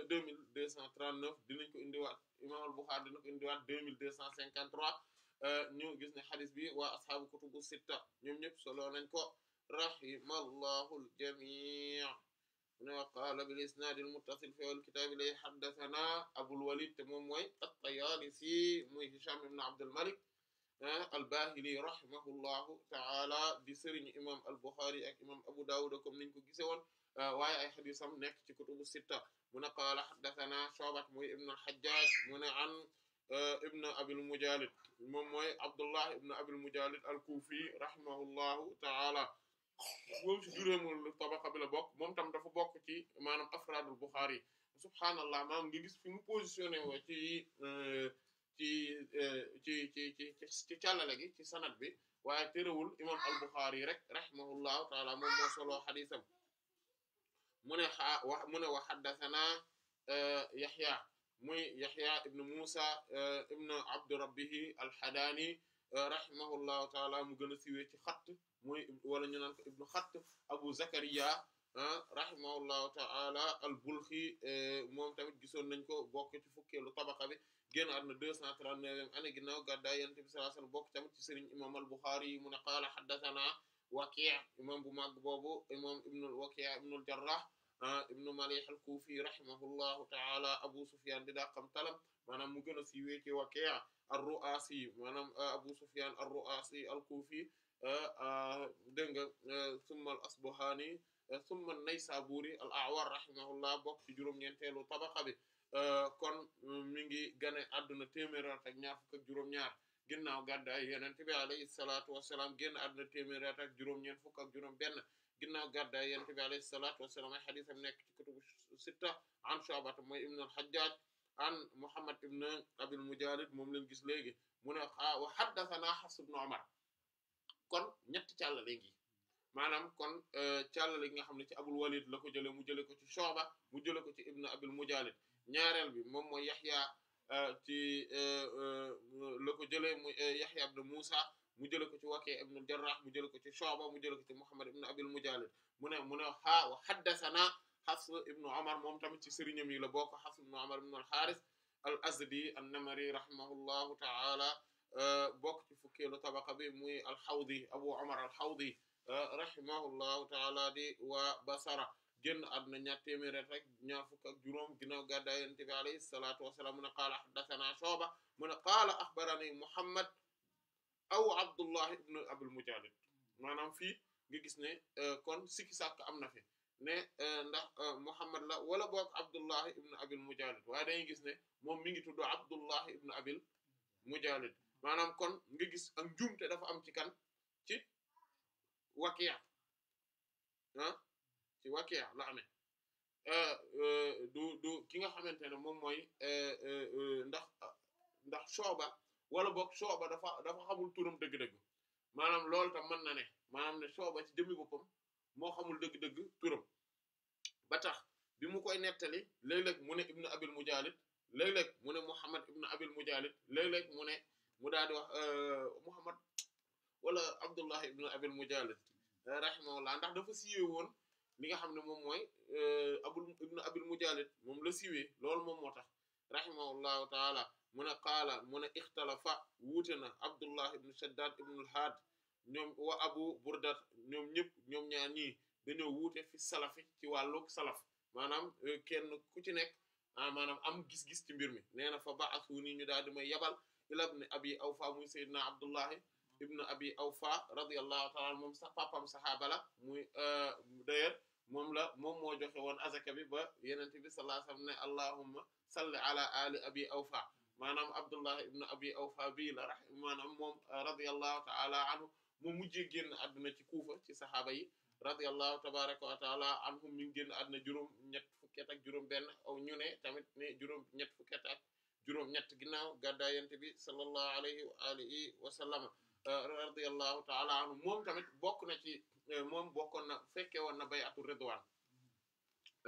Speaker 2: deux mille deux cent trente neuf dinañ ko indiwaat imaam bu Buxaari dina ko indiwaat deux mille deux cent cinquante trois ñu gis ni hadith bi wa ashabu kutubu sita ñom ñep solo nañ ko rahimallahu al-jamii ne wa qaala bil isnaadil muttasil fi al kitab li hadathana abu al walid te moom mooy at-Tayaalisi moy hisham ibn abd al Malik al bahili rahimahullahu ta'ala bi sëriñ imam al-Bukhari ak imam Abu daud comme niñ ko gise won waaye ay xadisam nek ci kutubu sita mun qala hadathana shubat moy ibn al-Hajjaaj mu an ibn abil mujalid moom mooy abdullah ibn abil mujalid al kufi rahimahullahu ta'ala moom si juróomul tabaqa bi la bokk moom tam dafa bokk ci maanaam afradul buxaari yi subhaanallah maanaam nga gis fi mu positionné woo ci ci ci ci ci ci càllale gi ci sanad bi waaye terewul imam al buxaari yi rek rahimahullahu taala moom moo soloo xadisam mu ne xa wax mu ne wa xaddasanaa yaxya muy yaxya ibn musa euh, ibn abdi rabbihi alxadaani euh, rahimahullahu taala mu gën a siiwee ci xatt muy wala ñu naan ko ibnu xatt abu zakariya rahimahullahu taala al-Bulxi euh, moom tamit gisoon nañ ko bokk ci fukkeelu tabaqa bi génn àdduna deux cent trente-neuvième année ginnaaw gàddaay Yonent bi sallallahu alayhi wa sallam bokk tamit ci sëriñ imam al-Buxaari yi mu ne qaala haddathana Waki' imam bu mag boobu imam ibnu Waki' ibnu al-Jarrah ibnu Malih al-Kufi rahimahullahu ta'ala Abu Sufyan di daa xam talam maanaam mu gën a siiwee ci Waki' ar-Ru'asi maanaam Abu Sufyan ar-Ru'asi al-Kufi dégg nga summa al-Asbahani summa an-Naysaburi al-A'war bokk ci juróom-ñeenteelu tabaqa bi kon mi ngi gane àdduna téeméeri at ak ñaar fukk ak juróom-ñaar ginnaaw gàddaay Yonent bi alayhi salaatu wa salaam génn àdduna téeméeri at ak juróom-ñeent fukk ak juróom ginnaw gadda yonent bi alayhi salatu wassalaam ay xadisam nekk ci kutubu sitta an Shu'ba moy ibn al-Hajjaj an Muhammad ibn Abil Mujarid mom lañ gis legi muna wa hadathana Hafs ibn Umar kon ñet cyalla legi manam kon cyalla li nga xamne ci Abul Walid lako jele mu jele ko ci shoba mu jele ko ci ibn Abil Mujarid ñaarel bi mom moy Yahya ci lako jele mu Yahya ibn Musa mu jële ko ci Waki' ibn al-Jarrah mu jële ko ci Shu'ba mu jële ko ci Muhammad ibn Abil Mujalid mu ne mu ne xaa wa haddathana Hafs ibn Umar moom tamit ci sëriñam yi la bokk Hafs ibn Umar ibn al-Harith al-Azdi an-Namari rahimahullahu ta'ala euh, bokk ci fukkeelu tabaqa bi muy al-Hawdi Abu Umar al-Hawdi euh, rahimahullahu ta'ala di waa Basra génn àdduna ñaar téeméer rek ñaar fukk ak juróom ginnaaw gàddaay Yonent bi alayhi salaatu wa salaam mu ne qaala haddathanaa Shu'ba mu ne qaala akhbaranii Muhammad aw abdullah ibn abul mujalid manam fi nga gis ne kon sikki sak amna fi ne ndax muhammad la wala bok abdullah ibn abul mujalid wa day gis ne mom mi ngi tudd abdullah ibn abul mujalid manam kon nga gis ak njumte dafa am ci kan ci wakiya ha ci wakiya la amé euh du du ki nga xamantene mom moy euh euh ndax ndax sooba wala boog sooba dafa dafa xamul turam dëgg-dëgg maanaam loolu tam mën na ne maanaam ne sooba ci jëmmi boppam moo xamul dëgg-dëgg turam ba tax bi mu koy nettali léeg-léeg mu ne ibnu abil mujalid léeg-léeg mu ne muhammad ibnu abil mujalid léeg-léeg mu ne mu daal di wax euh, muhammad wala abdullah ibnu abil mujalid rahimahullah ndax dafa siiwee woon li nga xam ne moom mooy euh, abul ibnu abil mujalid moom la siiwee loolu moom moo tax rahimahullahu taala mu ne qaala mu ne ixtalafa wuute na abdullah ibnu shaddad ibnu lhaad ñoom wa abu burdat ñoom ñëpp ñoom ñaar ñii dañoo wuute fi salafi ci wàlluk salaf maanaam kenn ku ci nekk maanaam am gis-gis ci mbir mi nee na fa ba'athu nii ñu daal di may yabal ila ibn abi awfa muy sayyidina abdullahi ibn abi awfa radiyallahu ta'ala moom sax papam sahaaba la muy d'ailleurs moom la moom moo joxe woon azaka bi ba yenente bi sallallahu alayhi wasallam ne allahumma salli ala ali abi awfa maanaam Abdullah ibn Abi Awfa bii la rax maanaam moom euh, radiyallahu ta'ala anhu mu mujjee génn àdduna ci Kuufa ci saxaaba yi radiyallahu tabaraka wa ta'ala anhum mi ngi génn àdduna juróom ñett fukki at ak juróom benn aw ñu ne tamit ne juróom ñett fukki at ak juróom ñett ginnaaw gàddaay Yonent bi sallallahu wa alihi wa sallam euh, radiyallahu moom tamit bokk na ci euh, moom bokkoon na fekke woon na bay'atu Ridwaan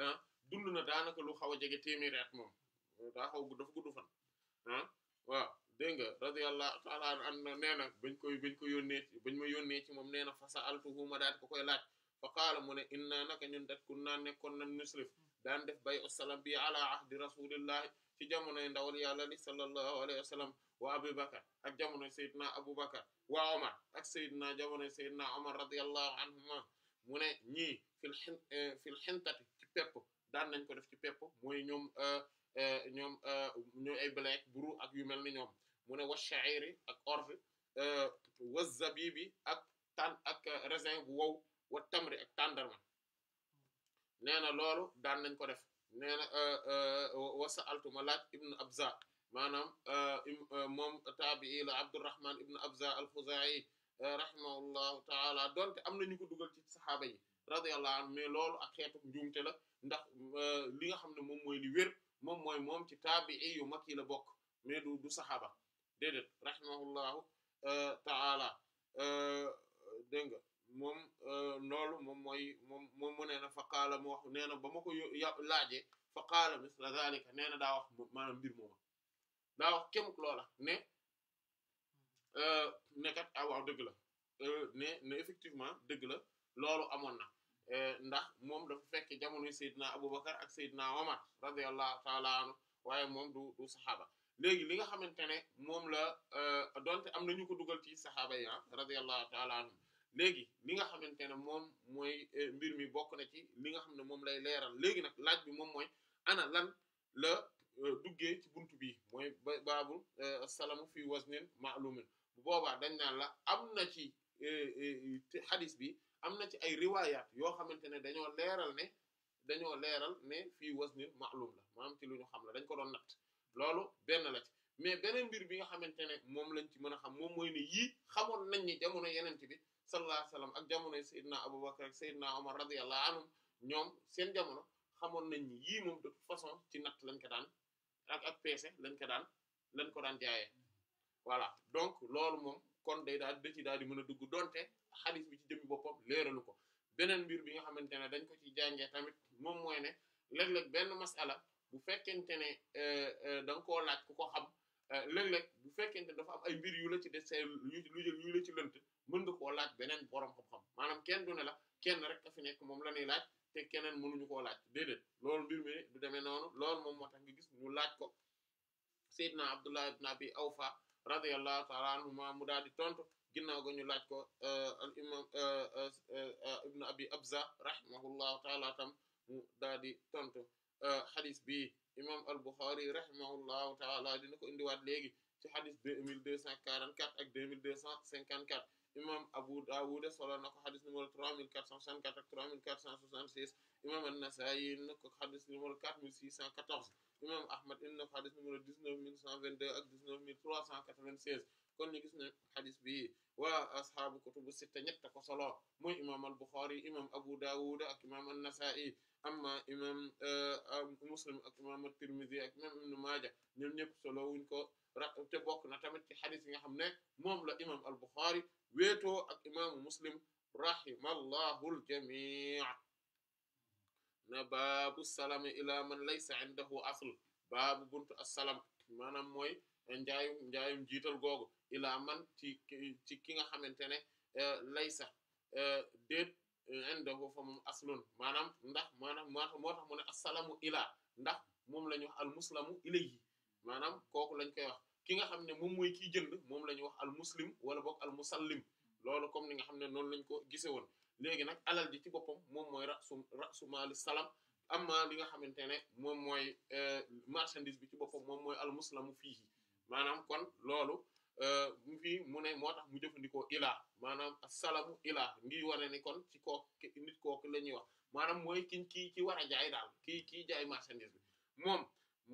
Speaker 2: ah dund na daanaka lu xaw a jege téeméeri at moom daa xaw gudd dafa ah waaw dégg nga radiyallahu ta'ala anhu nee na bañ koy bañ ko yónnee bañ ma yónnee ci moom nee na fa sa'altuhu ma daal ko koy laaj fa qaala mu ne inna naka ñun dat kun naa nekkoon nan nusrif daan def bay assalam bi ala ahdi rasulillahi ci jamonoy ndawal yàlla li sallallahu alayhi wa sallam wa abi bakar ak jamonoy sayidna abu bakar wa omar ak sayidna jamonoy sayidna omar radiyallahu anhuma mu ne ñii fil xin eh, fil xintati ci pepp daan nañ ko def ci pepp mooy ñoom eh, ñoom ñooy ay bleek buru ak yu mel ni ñoom wa sha'iri ak orge wa zabibi ak tan ak raisin bu wow wa tamri ak tàndarma nee na loolu daan nañ ko def nee na wa sa'altu ma laaj abza maanaam moom taabii la abdurrahman ibn abza al-xuzaayi rahimahullahu taala donte am na ñu ko dugal ci saxaaba yi radiyallahu anhu mais loolu ak xeetu njuumte la ndax li nga xam ne moom li wér moom mooy moom ci taabi'i yu mag yi la bokk mais du du saxaaba déedéet rahimahullahu euh, ta'ala euh, dégg nga moom euh, loolu moom mooy moom moom mu nee na fa qaala mu wax nee na ba ma ko laaje fa qaala misla zalika nee na daa wax ma mbir mooma daa wax kémuk loola ne nekat ah waaw dëgg la ne ne effectivement dëgg la loolu amoon na Eh, ndax moom dafa fekke jamonoy Seydina Aboubacar ak Seydina Omar radiyallahu taala anhu waaye moom du du saxaaba léegi li nga xamante ne moom la eh, donte am na ko dugal ci saxaaba yi ah léegi li nga xamante ne moom mooy eh, mbir mi bokk na ci li nga xam ne moom lay leeral léegi nag laaj bi moom mooy ana lan la duggee ci bunt bi mooy baabul salamu fi was ma'lumin bu boobaa dañ naan la am na ci xadis bi am na ci ay riwaayaat yoo xamante ne dañoo leeral ne dañoo leeral ne fii wasnil ma'lum la maanaam ci lu xam la dañ ko doon natt loolu benn la mais beneen mbir bi nga xamante ne moom lañ ci mën a xam moom mooy ne yii xamoon nañ ni jamono yenente bi sallallahu alayhi ak jamono Seydina Abubakar ak Seydina Omar radiyallahu anhum ñoom seen jamono xamoon nañ ni yii moom de façon ci natt lañ ko daan ak ak lañ ko daan lañ ko daan jaayee voilà donc loolu moom kon day daal da ci daal di mën a dugg donte xadis bi ci jëmmi boppam leeralu ko beneen mbir bi nga xamante ne dañ ko ci jàngee tamit moom mooy ne léeg-léeg benn masala bu fekkente ne euh, euh, da nga koo laaj ku ko xam euh, léeg-léeg bu fekkente dafa am ay mbir yu la ci des say lu jël ñu ci lënt mën nga koo laaj beneen borom xam-xam maanaam kenn du ne la kenn rek ka fi moom la ñuy laaj te keneen mënuñu koo laaj déedéet loolu mbir mi du demee noonu lool moom moo tax nga gis mu laaj ko Seydina Abdullah ibn Abi Awfa radiyallahu ta'ala anhuma mu daal di tontu ginnaaw ga ñu laaj ko euh, al euh, euh, abi abza rahimahullahu taala tam mu daal di tontu bi imam al buxaari rahimahullahu taala dina ko indiwaat léegi ci xadis 2244 ak 2254 imam Abu Dawud solo na ko xadis numéro 3464 ak 3466 imam An-Nasa'i na ko xadis numéro 4614 imam Ahmad in na ko xadis numéro 19122 ak 19396 kon ñu gis ne xadis bi waa asxaabu kutubu sitta ñett ko solo muy imam al-Bukhari imam Abu Dawud ak imam an-Nasa'i amma imam eh, Muslim ak imam at ak imam Ibn Majah ñoom ñëpp solo wuñ ko te bokk na tamit ci xadis yi nga xam ne moom la imam al-Bukhari weetoo ak imaamu Muslim rahimallahu al-jami' na baabu salaam ila man laysa indahu asl baabu bunt as-salaam maanaam mooy njaayum njaayum jiital googu ilaa man ci ci ki nga xamante ne euh, laysa euh, déet euh, indahu fa moom aslun maanaam ndax maanaam moo tax mu ne assalamu ilaa ndax moom la ñuy wax almuslamu ilayhi maanaam kooku lañ koy wax ki nga xam ne moom mooy kiy jënd moom la ñuy wax almuslim wala boog almusallim loolu comme ni nga xam ne noonu lañ ko gise léegi nag alal ji ci boppam moom mooy rasu rasu maali salam amma li nga xamante ne moom mooy marchandise bi ci boppam moom mooy almuslamu fiihi maanaam kon loolu Euh, mu fii mu ne moo tax mu jëfandikoo ilaa maanaam asalamu ilaa ngi wane ni kon ci kook nit kooku la ñuy wax maanaam mooy ki kii ci war a jaay daal ki kii jaay marchandise bi moom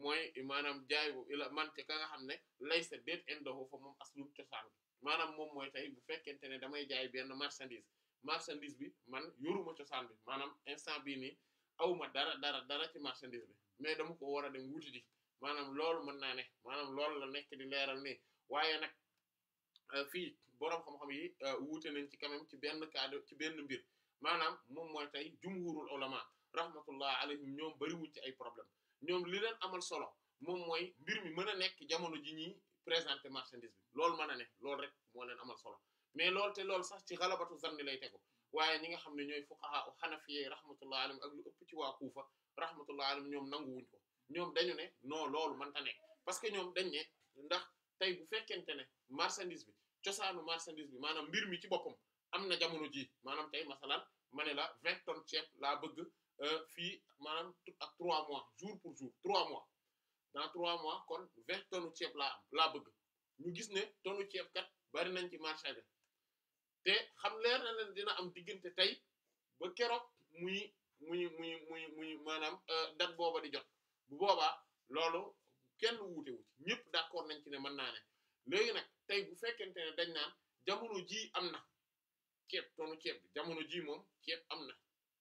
Speaker 2: mooy maanaam jaay bu man te ka nga xam ne lay sa déet indahu fa moom aslum cosaan bi maanaam moom mooy tey bu fekkente ne damay jaay benn marchandise marchandise bi man yoruma cosaan bi maanaam instant bi nii awma dara dara dara ci marchandise bi mais dama ko war a dem wuti di maanaam loolu mën naa ne maanaam loolu la nekk di leeral nii waaye nag euh, fii boroom xam-xam yi euh, wuute nañ ci kanam ci benn cadre ci benn mbir maanaam moom mooy tey jumhurul ulama rahmatullah alayhim ñoom bariwuñ ci ay problème ñoom li leen amal solo moom mooy mbir mi mën a nekk jamono ji ñuy présenter marchandise bi loolu mën a ne loolu rek moo leen amal solo mais loolu te loolu sax ci xalabatu zanni lay ko waaye ñi nga xam ne ñooy fuqaha u xanafiyee rahmatullah alayhim ak lu ëpp ci waa Kuufa rahmatullah alayhim ñoom nanguwuñ ko ñoom dañu ne non loolu mënta nekk parce que ñoom dañ ndax tey bu fekkente ne marchandise bi cosaanu marchandise bi maanaam mbir mi ci boppam am na jamono ji maanaam tey masalan ma ne la vingt tonnes ceeb laa bëgg euh, fii maanaam ak trois mois jour pour jour trois mois dans trois mois kon vingt tonnes ceeb laa am laa bëgg ñu gis ne tonne ceeb kat bari nañ ci marché bi te xam leer na leen dina am diggante tey ba keroog muy muy muy muy muy maanaam euh, date booba di jot bu boobaa loolu kenn wuute wu ci ñëpp d'accord nañ ci ne mën naa léegi nag tey bu fekkente ne dañ naan jamono ji am na ceeb tonu ceeb bi jamono ji moom ceeb am na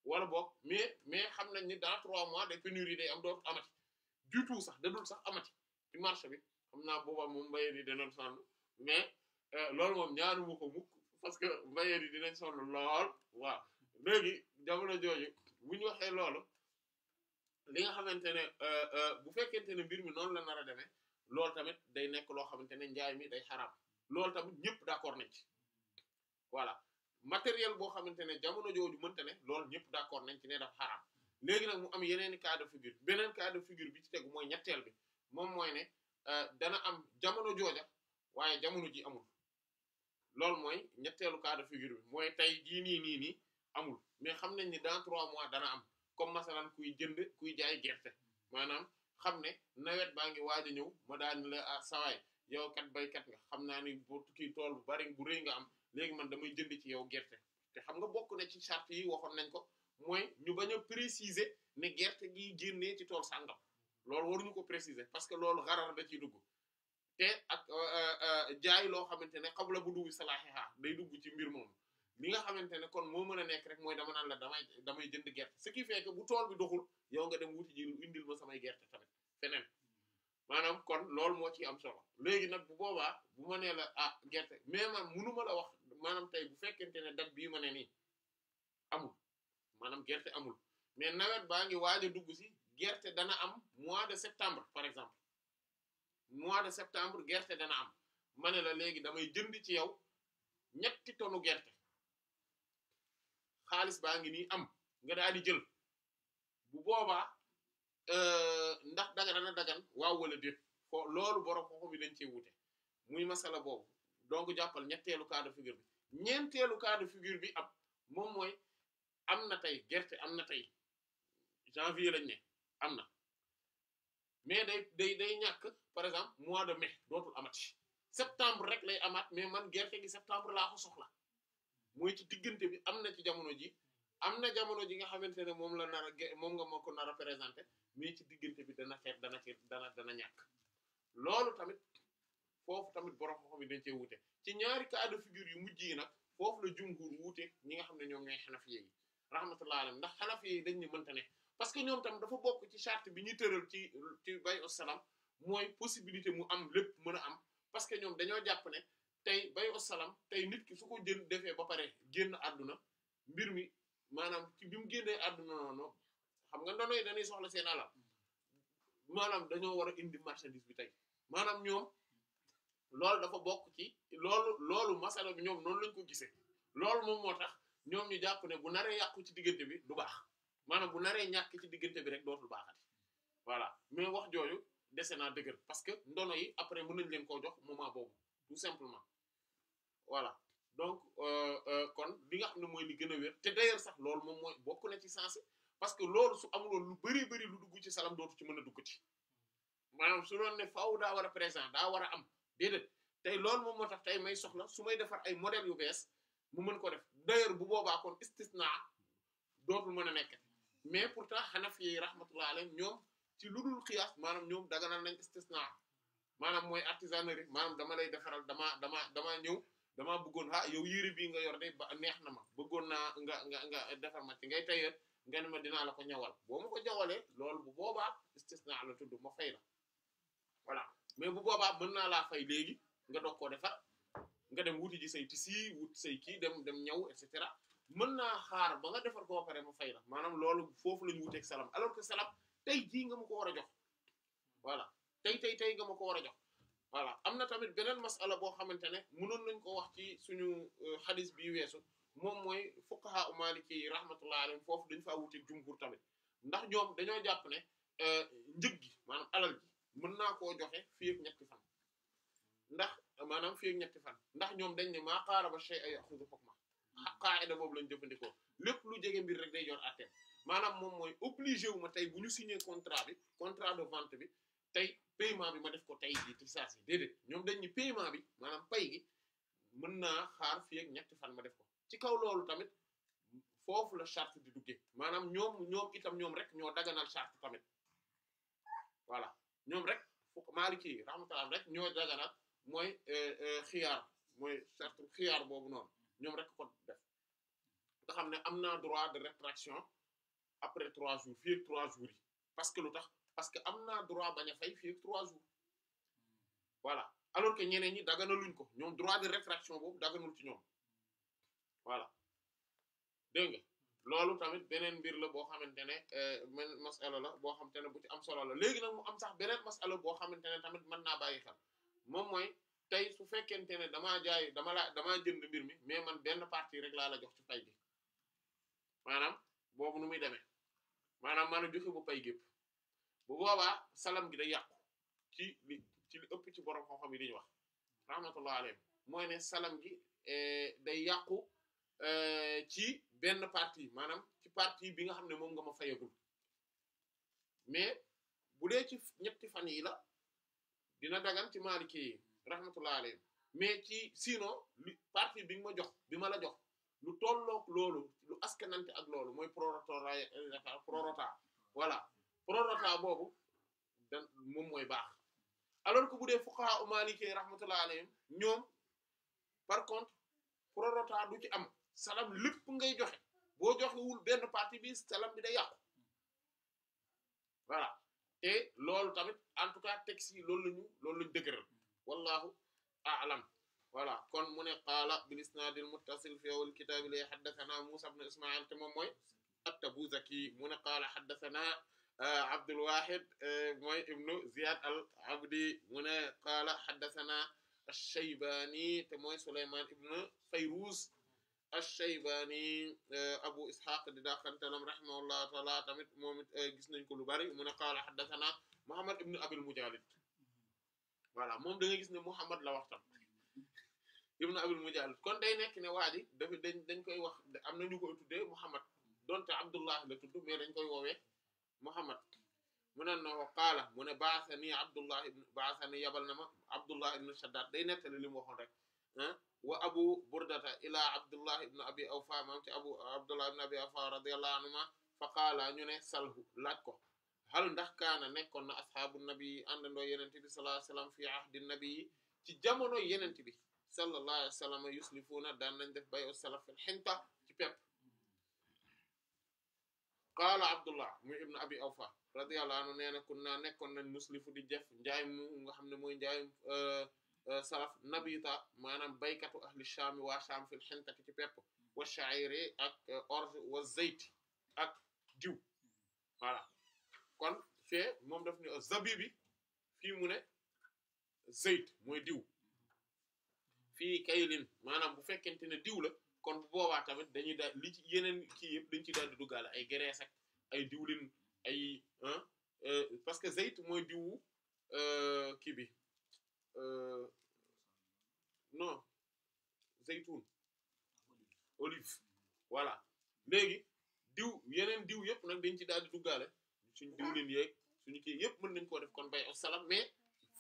Speaker 2: wala boog mais mais xam nañ ni dans trois mois des pénuries day am dootu amati du tout sax da dul sax amati ci marché bi xam naa boobaa moom mbayee yi danañ sonn mais euh, loolu moom ñaar ñaanuma ko mukk parce que mbayee yi dinañ sonn lool waaw léegi jamono jooju bu ñu waxee loolu li nga xamante ne euh, euh, bu fekkente ne mbir mi noonu la nar a demee loolu tamit day nekk loo xamante ne njaay mi day xaraam loolu tamit ñëpp d'accord nañ ci voilà matériel boo xamante ne jamono jooju mënta ne loolu ñëpp d'accord nañ ci ne dafa xaraam léegi nag mu am yeneen cas de figure beneen cas de bi ci tegu mooy ñetteel bi moom mooy ne euh, dana am jamono jooja waaye jamono ji amul loolu mooy ñetteelu cas de bi mooy tey jii nii nii nii amul mais xam nañ ni dans trois mois dana am comme masalan kuy jënd kuy jaay gerte maanaam xam ne nawet baa ngi waaj a ñëw ma daan la ah sawaay yow kat baykat nga xam naa ni boo tukki tool bu bari bu rëy nga am léegi man damay jënd ci yow gerte te xam nga bokk na ci charte yi waxoon nañ ko mooy ñu bañ a préciser ne gerte gi génnee ci tool sàngam loolu waruñu ko préciser parce que loolu xarar da ciy dugg te ak euh, euh, euh, jaay loo xamante ne xabla bu dugg salaaxiha day dugg ci mbir moom li nga xamante ne kon moo mën a nekk rek mooy dama naan la damay jënd gerte ce qui fait bu tool bi doxul yow nga dem wuti ji indil ma samay gerte tamit feneen maanaam kon loolu moo ciy am solo léegi nag bu boobaa bu ma nee la ah gerte mais man munu ma wax maanaam tey bu fekkente ne date bii ma nii amul maanaam gerte amul mais nawet baa ngi waaj dugg si gerte dana am mois de septembre par exemple mois de septembre gerte dana am ma ne la léegi damay jënd ci yow ñetti tonu gerte. xaalis baa ngi nii am nga daal di jël bu boobaa euh, ndax dagan na dagan waaw wala déet fo loolu borom xoxo bi dañ cee wute muy masala boobu donc jàppal ñetteelu cas de figure bi ñeenteelu cas de figure bi ab moom mooy am na tey gerte am na tey janvier lañ ne am na mais day day day ñàkk par exemple mois de mai dootul amati septembre rek lay amaat mais man gerte gi septembre laa ko soxla mooy ci diggante bi am na ci jamono ji am na jamono ji nga xamante ne moom la nar a moom nga moo nar a présenté mais ci diggante bi dana xeet dana ci dana dana ñàkk loolu tamit foofu tamit borom xam bi dañ cee wuute ci ñaari cas de figure yu mujj yi nag foofu la jumhur wuute ñi nga xam ne ñoom ñooy xanafiye yi rahmatullah alayhim ndax xanafiye yi dañ ne mënta ne parce que ñoom tam dafa bokk ci charte bi ñuy tëral ci ci bay au salam mooy possibilité mu am lépp mën a am parce que ñoom dañoo jàpp ne tey bay salam tey nit ki su ko jël defee ba pare génn àdduna mbir mi maanaam ci bi mu génnee àdduna noonu xam nga ndonoy dañuy soxla seen alal maanaam dañoo war a indi marchandise bi tey maanaam ñoom loolu dafa bokk ci loolu loolu masala bi ñoom noonu lañ ko gisee loolu moom moo tax ñoom ñu jàpp ne bu naree yàqu ci diggante bi du baax maanaam bu naree ñàkk ci diggante bi rek dootul baaxati voilà mais wax jooju dese naa dëgër parce que ndono yi après mën nañ leen koo jox moment boobu tout simplement voilà donc euh, euh, kon bi nga xam ne mooy li gën a wér te d'ailleurs sax loolu moom mooy bokku na ci sensé parce que lool su amuloon lu bëri bëri lu dugg ci salam dootu ci mën a dugg ci maanaam su doon ne faaw daa war a présent daa war a am déedéet tey loolu moom moo tax tey may soxla su may defar ay modèles yu bees mu mën ko def d'ailleurs bu boobaa kon istisna dootul mën a nekk mais pourtant xanafi yi rahmatullah alayhim ñoom ci lu dul xiyaas maanaam ñoom daganal nañ istisna maanaam mooy artisanerie maanaam dama lay defaral dama dama dama ñëw dama bëggoon ha yow binga bi nga yor de ba neex na ma bëggoon naa nga nga nga defar ma ci ngay tayeer nga ne ma dinaa la ko ñawal boo ma ko jawalee loolu bu boobaa istisna la tudd ma fay la voilà mais bu boobaa mën naa laa fay léegi nga doog koo defar nga dem wuti ji say tisi wut say kii dem dem ñaw et cetera mën naa xaar ba nga defar koo pare ma fay la maanaam loolu foofu salam alors que salam tey jii nga ma ko war a jox voilà tey tey tey nga ma ko war jox voilà am na tamit beneen masala boo xamante ne mënoon nañ ko wax ci suñu xadis euh, bi weesu moom mooy fuqaha u maliki yi rahmatullah alayhim foofu dañ faa wuute jumhur tamit ndax ñoom dañoo jàpp ne euh, njëg gi maanaam alal gi mën naa ko joxe fii ak ñetti fan ndax maanaam fii ñetti fan ndax ñoom dañ ne maa qaaraba ma ya'khudhu hukma qaa'ida boobu lañ jëfandikoo lépp lu jege mbir rek day yor àtteem maanaam moom mooy obligé wu ma tey bu ñu signé contrat bi contrat de vente bi paiement bi ma def ko paiement pay ma droit de rétraction après trois jours vie trois jours parce que lu parce que amna droit baña fay fi 3 trois jours voilà alors que ñeneen ñi luñ ko ñom droit de rétraction boobu daganul ci ñom voilà dégg lolu tamit benen bir la bo xamantene euh masala la bo xamantene bu ci am solo la legui nak mu am sax benen masala bo xamantene tamit man na bàyyi xel moom mooy tey su fekkente ne damaa jaay dama la dama jënd bir mi mais man benn parti rek la la jox ci pay gi manam bobu nu muy demee maanaam man joxe bu pay bu boobaa salam gi da yàqu ci li ci li ëpp ci borom xam-xam yi li ñu wax rahmatullah alayhi mooy ne salam gi eh, day yàqu eh, ci benn partie maanaam ci partie bi nga xam ne moom nga ma fayagul mais bu dee ci ñetti fan yi la dina dagan ci maaliki yi rahmatullah alayhi mais ci sino li bi nga ma jox bi ma la jox lu tollook loolu lu askanante ak loolu mooy prorata prorata voilà prorata boobu da moom mooy baax alors que bu dee fuqaha u maliki rahmatullah alayhim ñoom par contre prorata du ci am salam lépp ngay joxe boo joxewul benn partie bi salam bi day yàqu voilà te loolu tamit en tout cas texte yi loolu lañu loolu lañu dëgëral wallahu a'lam voilà kon mu ne qaala bil isnaadil muttasil fi awwal kitaabi li haddathana Muusaa ibn Ismaa'iil te moom mooy at-Tabuzaki mu ne qaala haddathana عبد الواحد mooy ibnu Ziyad al-Abdi mu ne qaala haddasanaa ash-Shaybaani te mooy Souleymane ibnu Fayruz ash-Shaybaani Abu Ishaq di daaxantalam rahimahullahu taala tamit moom it gis nañ ko lu bari mu ne qaala haddasanaa Muhammad ibnu Abil Mujalid voilà moom da nga gis ne Muhammad la waxtaan ibnu Abil Mujalid kon day nekk ne waa ji dafa dañ dañ koy wax am na ñu koy tuddee Muhammad donte Abdullah la tudd mais dañ koy woowee. muhammad mu ne no qaala mu ne baasani abdullah ibn baasani yabal na ma abdullah ibn shaddad day nettali li mu waxoon rek wa abu burdata ila abdullah ibn abi awfa maam ci abu abdullah ibn abi awfa radiyallahu anhuma fa qaala ñu ne salhu laaj ko hal ndax kaana nekkoon na asxaabu nabi àndandoo yenente bi sallallahu alayhi wasallam fi ahdi nabi ci jamono yenente bi sallallahu alayhi wasallam yuslifuuna daan nañ def bay u salaf fil hinta ci pepp قال عبد الله مولى ابن ابي اوفا رضي الله عنه ننا كنا نكون نسلف دي جف نجاي موغا خامني موي نجاي ا آه، آه، سلف نبيتا مانام بايكات اهل الشام وا شام في الحنت كي بيب والشعيره اك اورج والزيت اك ديو فوالا كون في موم دافني زبيبي في مو زيت موي ديو في كايلين مانام بو فكنتي ديو kon bu boobaa tamit dañuy daal li ci yeneen kii yëpp dañ ci daal di duggaale ay graisse ak ay diwlin ay euh, parce que zeyt mooy diwu euh, kii bi euh, non zeytun olive wala léegi diw yeneen diw yëpp nag dañ ci daal di duggaale suñu diwlin yeeg suñu kii yëpp mën nañ koo def kon bay o salam mais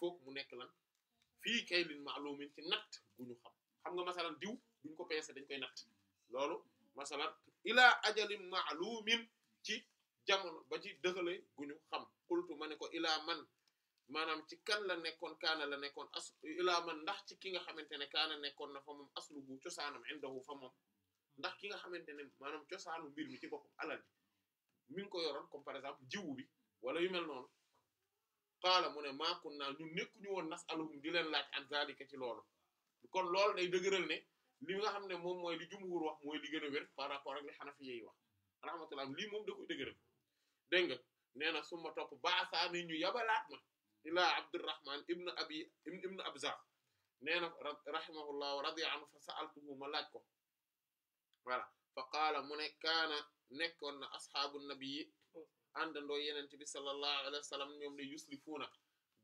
Speaker 2: il mu nekk lan fii kay lin maalumin ci natt gu ñu xam xam nga masalan diw buñ ko peese dañ koy natt loolu masalan ilaa ajalim maalumin ci jamono ba ci dëxale gu ñu xam xultu ma ne ko ilaa man maanaam ci kan la nekkoon kaana la nekkoon as ilaa man ndax ci ki nga xamante ne kaana nekkoon na fa moom aslu gu cosaanam indahu fa moom ndax ki nga xamante ne maanaam cosaanu mbir mi ci boppam alal bi mi ngi ko yoroon comme par exemple jiwu bi wala yu mel noon qaala mu ne maakun na ñu nekkuñu woon nas alahum di leen laaj an zalika ci loolu kon loolu day dëgëral ne li nga xam ne moom mooy li jumhur wax mooy li gën a wér par rapport ak li xanafi yi wax rahmatullah lii moom da koy dëgëral dégg nga nee na suma topp baasaani ñu yabalaat ma ilaa abdurrahman ibn abi ibn abza nee na rahimahullah radiya anhu fa sa'altuhu ma laaj ko voilà fa qaala mu ne kaana nekkoon na asxaabu nabii àndandoo yeneen bi sallallahu alayhi wa sallam ñoom ne yuslifuuna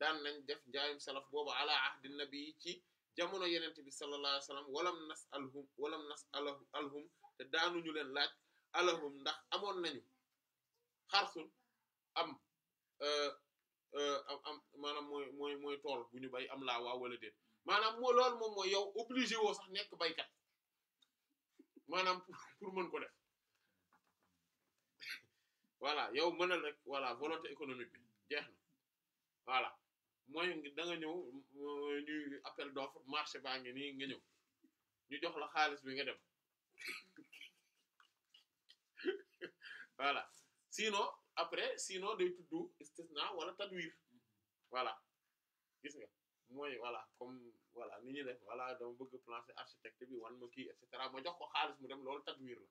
Speaker 2: daan nañ def njaayum salaf boobu ala ahdi nabii ci jamono yenente bi sallallahu alayhi wa sallam walam nas alhum walam nas alahu alhum te daanuñu leen laaj alahum ndax amoon nañu xarsul am euh, euh, am am maanaam mooy mooy mooy tool bu ñu bay am laa waaw wala déet maanaam moo loolu moom mooy yow obligé woo sax nekk baykat maanaam pour mën ko def voilà yow mënal rek voilà volonté économique bi jeex na voilà mooy danga ñëw ñuy appel d'offre marché baa ngi nii nga ñëw ñu jox la xaalis bi nga dem voilà sinon après sinon day tudd na wala tadwir voilà gis nga mooy wala comme wala ni ñuy def wala dama bëgg placer architecte bi wan ma kii et cetera ma jox ko xaalis mu dem loolu tadwir la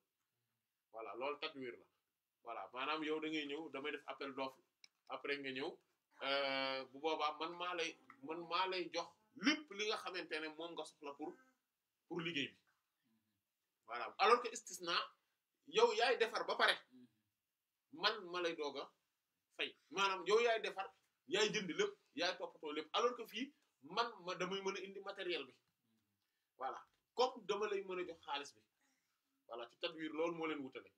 Speaker 2: wala loolu tadwir la voilà maanaam yow da ngay ñëw damay def appel d'offre après nga ñëw Euh, bu boba man ma lay man ma lay jox lepp li nga xamantene mo nga soxla pour pour liguey bi voilà alors que istisna yow yaay defar ba pare man ma lay doga fay manam yow yaay defar yaay jënd lepp yaay topato lepp alors que fi man ma damay mëna indi matériel bi voilà comme dama lay mëna jox xaalis bi voilà ci tadwir lool mo len wutale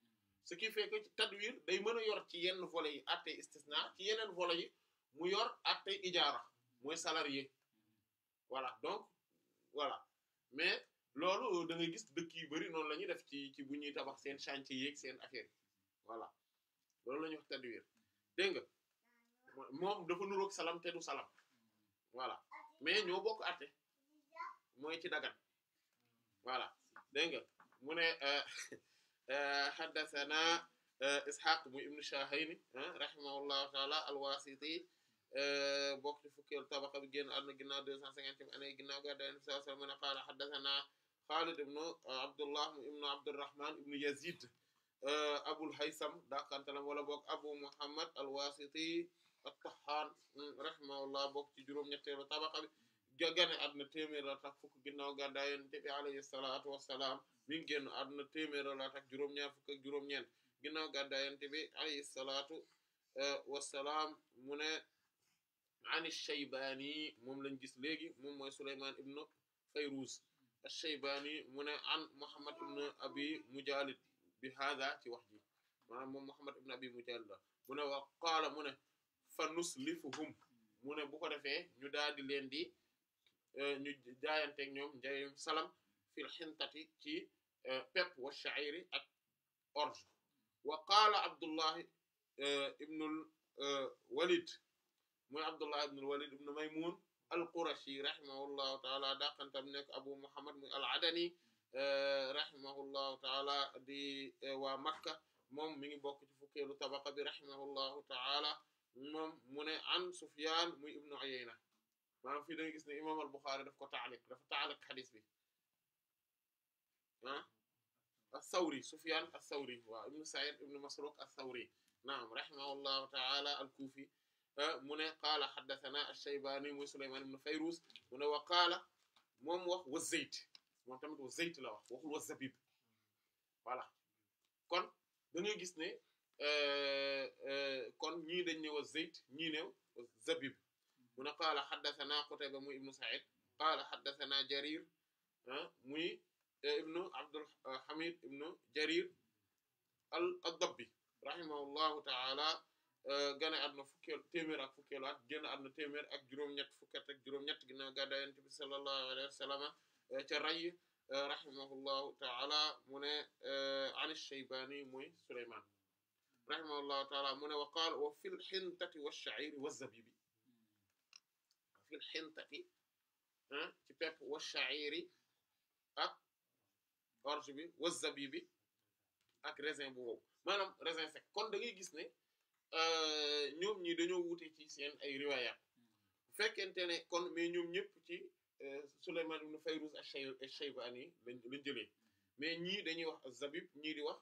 Speaker 2: ce qui fait que tadwir day mëna yor ci yenn volets yi istisna ci yenen volets mu yor attey ijaara mooy salarié voilà donc voilà mais loolu da gis dëkk yu bari noonu la ñuy def ci ci bu ñuy tabax seen chantier yeeg seen affaire voilà loolu la ñuy wax dégg nga moom dafa nuroog salam te du salam voilà mais ñoo bokk atte mooy ci dagan voilà dégg nga mu ne euh, euh, haddathana euh, ishaq mu ibnu shahayni rahimahullahu taala alwasiti Euh, bokk ci fukkeelu tabaqa bi génn àdduna ginnaaw deux cent cinquantième année ginnaaw gàddaay Yonent bi sallallahu Xaalid ibnu Abdullah ibnu Abdurrahman ibnu Yazid euh, Abul Haysam dakantalam wala boog Abu Muhammad al-Wasiti at-Tahhan rahimahullah bokk ci juróom-ñetteelu tabaqa bi gane àdduna la tax fukk ginnaaw gàddaay Yonent bi alayhi salaatu wassalaam mi génn àdduna téeméer la tax juróom-ñaar fukk ak juróom-ñeent ginnaaw gàddaay salaatu euh, wassalaam mu عن الشيباني موم لا نجيس لغي موم موي سليمان ابن فيروز الشيباني من عن محمد ابن ابي مجالد بهذا تي وحدي مام محمد ابن ابي مجالد من وقال من فنسلفهم من بو كو دافي ني دادي لين دي ني جايانتك نيوم جاي سلام في الحنطتي تي بيب والشعير اك وقال عبد الله ابن الوليد moy abdullah ibn walid ibn maymun al-qurashi rahimahullahu taala daqantam nek abu muhammad muy al-adani rahimahullahu taala di wa makka mom mi ngi bok ci fukelu tabaqa bi rahimahullahu taala mom mune an sufyan moy ibn uyayna maanaam fi da gis imam al-bukhari daf ko taaliq dafa taaliq hadith bi sufyan as thawri waaw ibnu sa'id ibnu masruq as-sawri naam taala al-kufi من قال حدثنا الشيباني مولى سليمان بن فيروس من وقال موم واخ والزيت موم تامت والزيت لا واخ واخو والزبيب فوالا كون دا نيو ني آه، آه، كون ني دا نيو والزيت ني نيو والزبيب من قال حدثنا قتيبه مولى ابن قال حدثنا جرير مي مولى آه، ابن عبد الحميد ابن جرير الضبي رحمه الله تعالى gane adna fukel temer ak fukel wat génn adna temer ak juroom ñet fukkat ak juróom-ñett ginnaaw gàddaay yent bi sallallahu alayhi wa sallam ray Rayy rahimahullahu ta'ala mune ne an ash-Shaybani mooy Sulaymaan rahimahullahu ta'ala mune wa qala wa fil hintati wash sha'ir waz-zabibi fil hintati ci pep wash-sha'iri ak orge bi waz-zabibi ak raisin bu manam raisin sec kon da ngay gis ne ñoom ñi dañoo wute ci seen ay riwaya bu fekkente ne kon mais ñoom ñëpp ci Sulaymaan ibn Fayruz ash-Shaybaani lañ lañ jëlee mais ñii dañuy wax zabib ñii di wax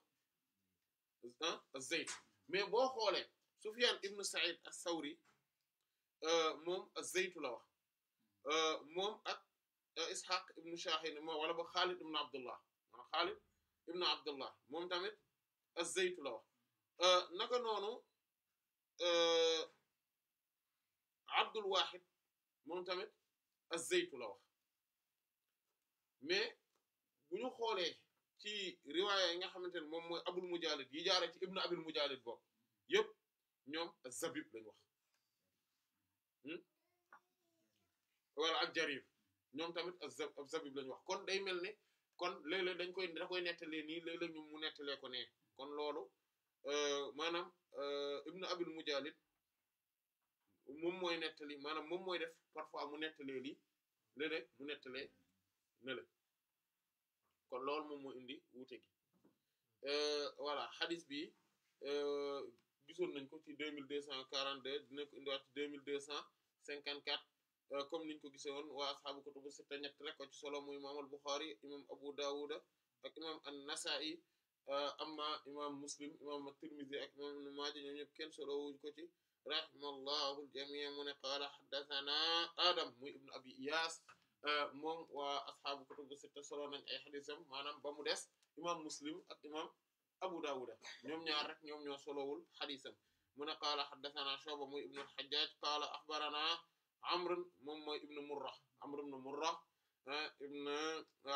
Speaker 2: ah az-Zayd mais boo xoolee Sufyaan ibn Sa'id as-Sawri moom az-Zaytu la wax moom ak Ishaq ibn Shaahin moom wala ba Xaalid ibn Abdullah maanaam Xaalid ibn Abdullah moom tamit az-Zaytu la wax naka noonu. Euh, Abdul Wahid moom tamit az-zaytu la wax mais bu ñu xoolee ci riwaaya yi nga xamante ne moom mooy abul mujalid yi jaara ci ibnu abil mujalid bopp yépp ñoom zabib lañ wax hmm? wala ak jarir ñoom tamit ak zabib lañ wax kon day mel ne kon léeg-léeg dañ koy da koy nettalee nii léeg-léeg mu nettalee ko ne kon loolu Euh, maanaam euh, ibnu abil mujalid moom mooy nettali maanaam moom mooy def parfois mu nettalee lii léeg-léeg mu nettalee nele kon loolu moom moo indi wuute gi euh, voilà xadis bi gisoon nañ ko ci deux mille deux cent quarante deux dina ko indiwaat ci deux mille deux cent cinquante quatre comme niñ ko gisee woon waa asxaabu kutubu sitta ñett rek ko ci solo muy imaam al Buxaari imaam Abu Dawuda ak imaam an-Nasaa'i amma imam muslim imam at-tirmidhi ak imam ibn maaja ñoom ñëpp kenn solowuñ ko ci rahimallahu al-jamii mu ne qaala haddathana adam muy ibn abi iyas moom waa asxaabu kutubu sitta solo nañ ay xadisam maanaam ba mu des imam muslim ak imam abu dawuda ñoom ñaar rek ñoom ñoo solowul xadisam mu ne qaala haddathana shuba muy ibn al-hajjaj qaala axbarana amr moom mooy ibn murra amr ibn murra ibn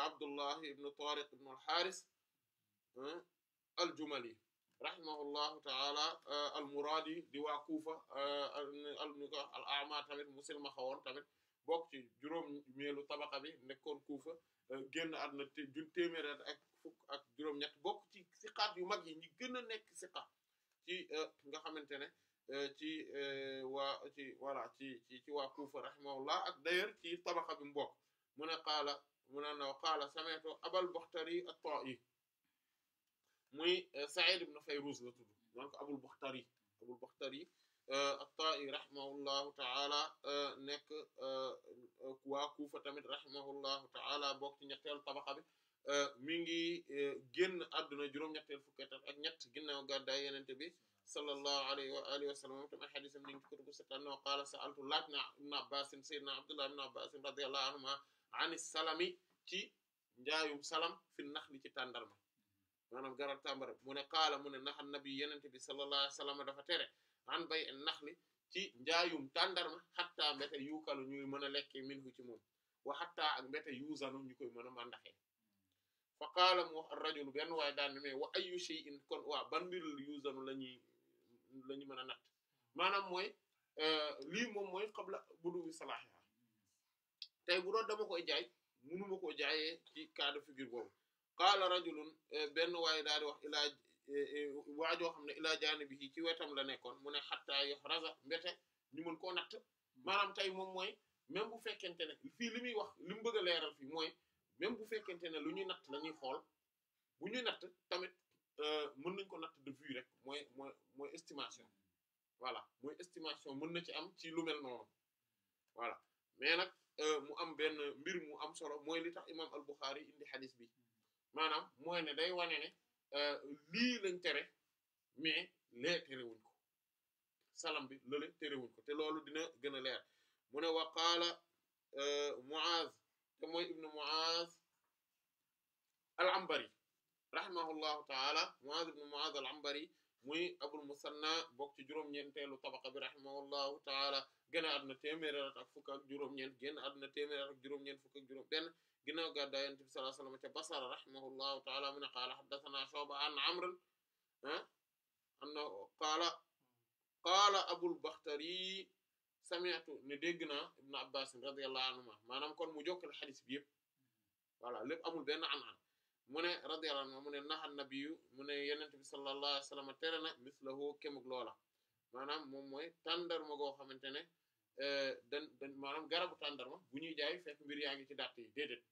Speaker 2: abdullah ibn tariq ibn al-haris al-Jumali rahimahullahu taala al-Muradi di waa Kuufa al-A'ma tamit mu silmaxa woon tamit bokk ci juróom-ñeelu tabaqa bi nekkoon Kuufa génn àdduna te jun téeméer ak fukk ak juróom-ñett bokk ci siqaat yu mag yi ñi gën a nekk siqa ci nga xamante ne ci waa ci voilà ci ci ci waa Kuufa rahimahullah ak d'ailleurs ci tabaqa bi mu bokk mu ne qaala mu ne qaala sami'tu Abal Bakhtari at-Ta'i muy euh, Sa'id ibn Fayruz la tudd donc Abul Bakhtari Abul Bakhtari euh, at-Ta'i ta'ala euh, nekk waa Kufa tamit rahimahullahu ta'ala bokk ci ñetteelu tabaxa bi mi ngi génn àdduna juróom-ñetteel fukkeet ak ñett ginnaaw gàddaay yenente bi sallallahu alayhi wa alihi wa sallam moom ngi ci kutubu sitta no qaala sa'altu laaj naa ibn Abbas sayyidina Abdullah ibn Abbas radiyallahu an salami ci njaayum salam fi naxli ci tàndarma maanaam garab tàmbara mu ne qaala mu ne naxan nabi yenente bi sallallahu alayhi wa sallam dafa tere an bay en naxli ci njaayum tàndarma xattaa mbete yuukalu ñuy mën a lekke min hu ci moom wa xattaa ak mbete yuusanu ñu koy mën a màndaxee fa qaala mu wax rajul benn waaye daan ne mais wa ayu shay'in kon waa ban mbir yuusanu la la ñu mën a natt maanaam mooy euh, lii moom mooy qabla buduwi salaahiha tey bu doon dama koy jaay mënuma koo jaaye ci cas de figure boobu qaala rajulun benn waaye daal di wax ilaa waajoo xam ne ilaa jaanibihi ci wetam la nekkoon mu ne xattaa yuhraza mbete ñu mën koo natt maanaam tey moom mooy même bu fekkente ne fii li muy wax li mu bëgg a leeral fii mooy même bu fekkente ne lu ñuy natt la ñuy xool bu ñuy natt tamit mën nañ ko natt de vue rek mooy mooy mooy estimation voilà mooy estimation mën na ci am ci lu mel noonu voilà mais nag mu am benn mbir mu am solo mooy li tax imam al Bukhari indi xadis bi manam moy ne day wane ne euh li lañ tere mais lé téré terewuñ ko salam bi lële terewuñ ko te lolu dina gëna lér leer mu ne wa qaala Muaz te mooy ibnu Muaz al Ambari rahimahullahu taala Muaz ibn Muaz al Ambari muy abul musanna bokk ci juróom-ñeenteelu tabaqa bi rahimahullahu taala gën a àdduna ak fukk ak juróom-ñeent génn àdduna téeméer ak juróom-ñeent fukk ak juróom benn ginnaaw gàddaay Yonent bi sallallahu alayhi wa sallam ca Basra rahimahullahu ta'ala mu ne qaala haddathana Shu'ba an Amr ah annahu qaala qaala Abul Bakhtari sami'tu ne dégg naa Ibn Abbas anhuma maanaam kon mu jokkal xadis bi yëpp voilà lépp amul benn an-an mu ne radiyallahu anhuma mu ne naha nabiyyu mu ne bi sallallahu alayhi wa sallam tere na mislahu kémug loola maanaam moom mooy tàndarma goo xamante ne eh, dan dan maanaam garabu tàndarma bu ñuy jaay fekk mbir yaa ngi ci dàtt yi déedéet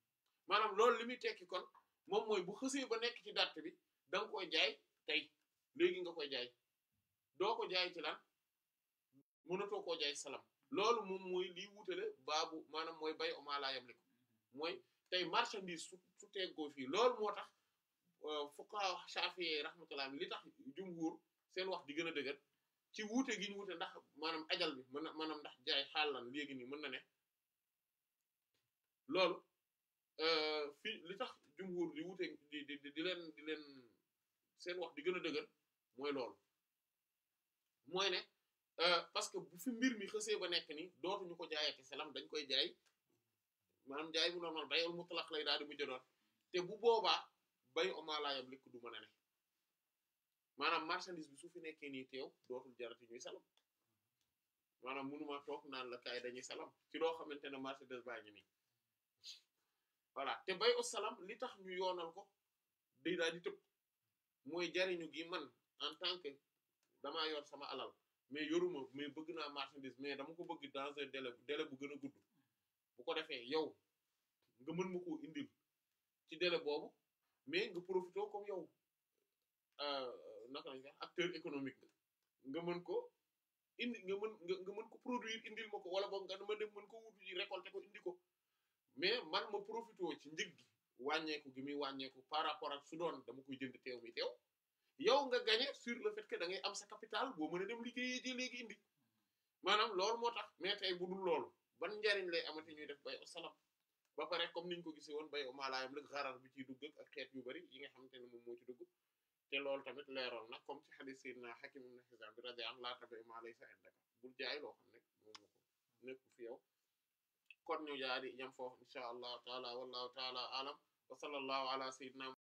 Speaker 2: maanaam loolu li muy tekki kon moom mooy bu xësee ba nekk ci date bi da koy jaay tey léegi nga koy jaay doo ko jaay ci lan mënatoo koo jaay salaam loolu moom mooy liy wutale baabu maanaam mooy bay yam laa ko mooy tey marchandise su su teggoo fii loolu moo tax euh, fuqaha Shafi'i rahmatullah li tax jumhur seen wax di gën a dëgër ci wuute gi ñu wuute ndax maanaam ajal bi mën na maanaam ndax jaay xaal xaalan léegi nii mën na ne loolu Euh, fii li tax junguur di wute di di leen leen seen wax di gën a dëgër mooy loolu mooy ne euh, parce que bu fi mbir mi xësee ba nekk ni dootuñu ko jaayee selam dañ koy jaay maanaam jaay bu normal mu mutlaq lay daal di mujj doon te bu boobaa bay omalaayam lékk du mën na ne maanaam marchandise bi su fi nekkee nii teew dootul jarati ñuy salam maanaam mënuma toog naan la kaay dañuy salaam ci loo xamante ne marchandise baa ngi nii voilà te bay o salam li tax ñu yonal ko day daal di tëb mooy jariñu gi man en tant que dama yor sama alal mais yoruma mais bëgg na marchandise mais dama ko bëgg dans un délai délai bu gëna gudd bu ko défé yow nga mën ma koo indil ci délai bobu mais nga profito comme yow euh, naka lañ wax acteur économique nga mën ko indi nga mën nga mën ko produire indil ko wala boog nga ma dem mën ko wutu récolter ko indi ko mais man ma profité ci njëg gi wàññeeku gi muy wàññeeku par rapport ak su doon dama koy jënd teew mi teew yow nga gagné sur le fait que da ngay am sa capital boo mën a dem liggéeyee ji léegi indi maanaam loolu moo tax mais tey bu du loolu ban njariñ lay am amati ñuy def bay o salam ba pare comme niñ ko gisee woon bay o maalaayam lëg xarar bi ciy dugg ak xeet yu bari yi nga xamante ne moom moo ci dugg te loolu tamit leeroon nag comme ci hadith sayyidina Hakim ibn Hizam bi radiyallahu anhu laa tabe maa laysa indaka bul jaay loo xam ne moom ko nekk fi yow kon ñu jaari yam foofu incha allahu taala wallahu taala alam wa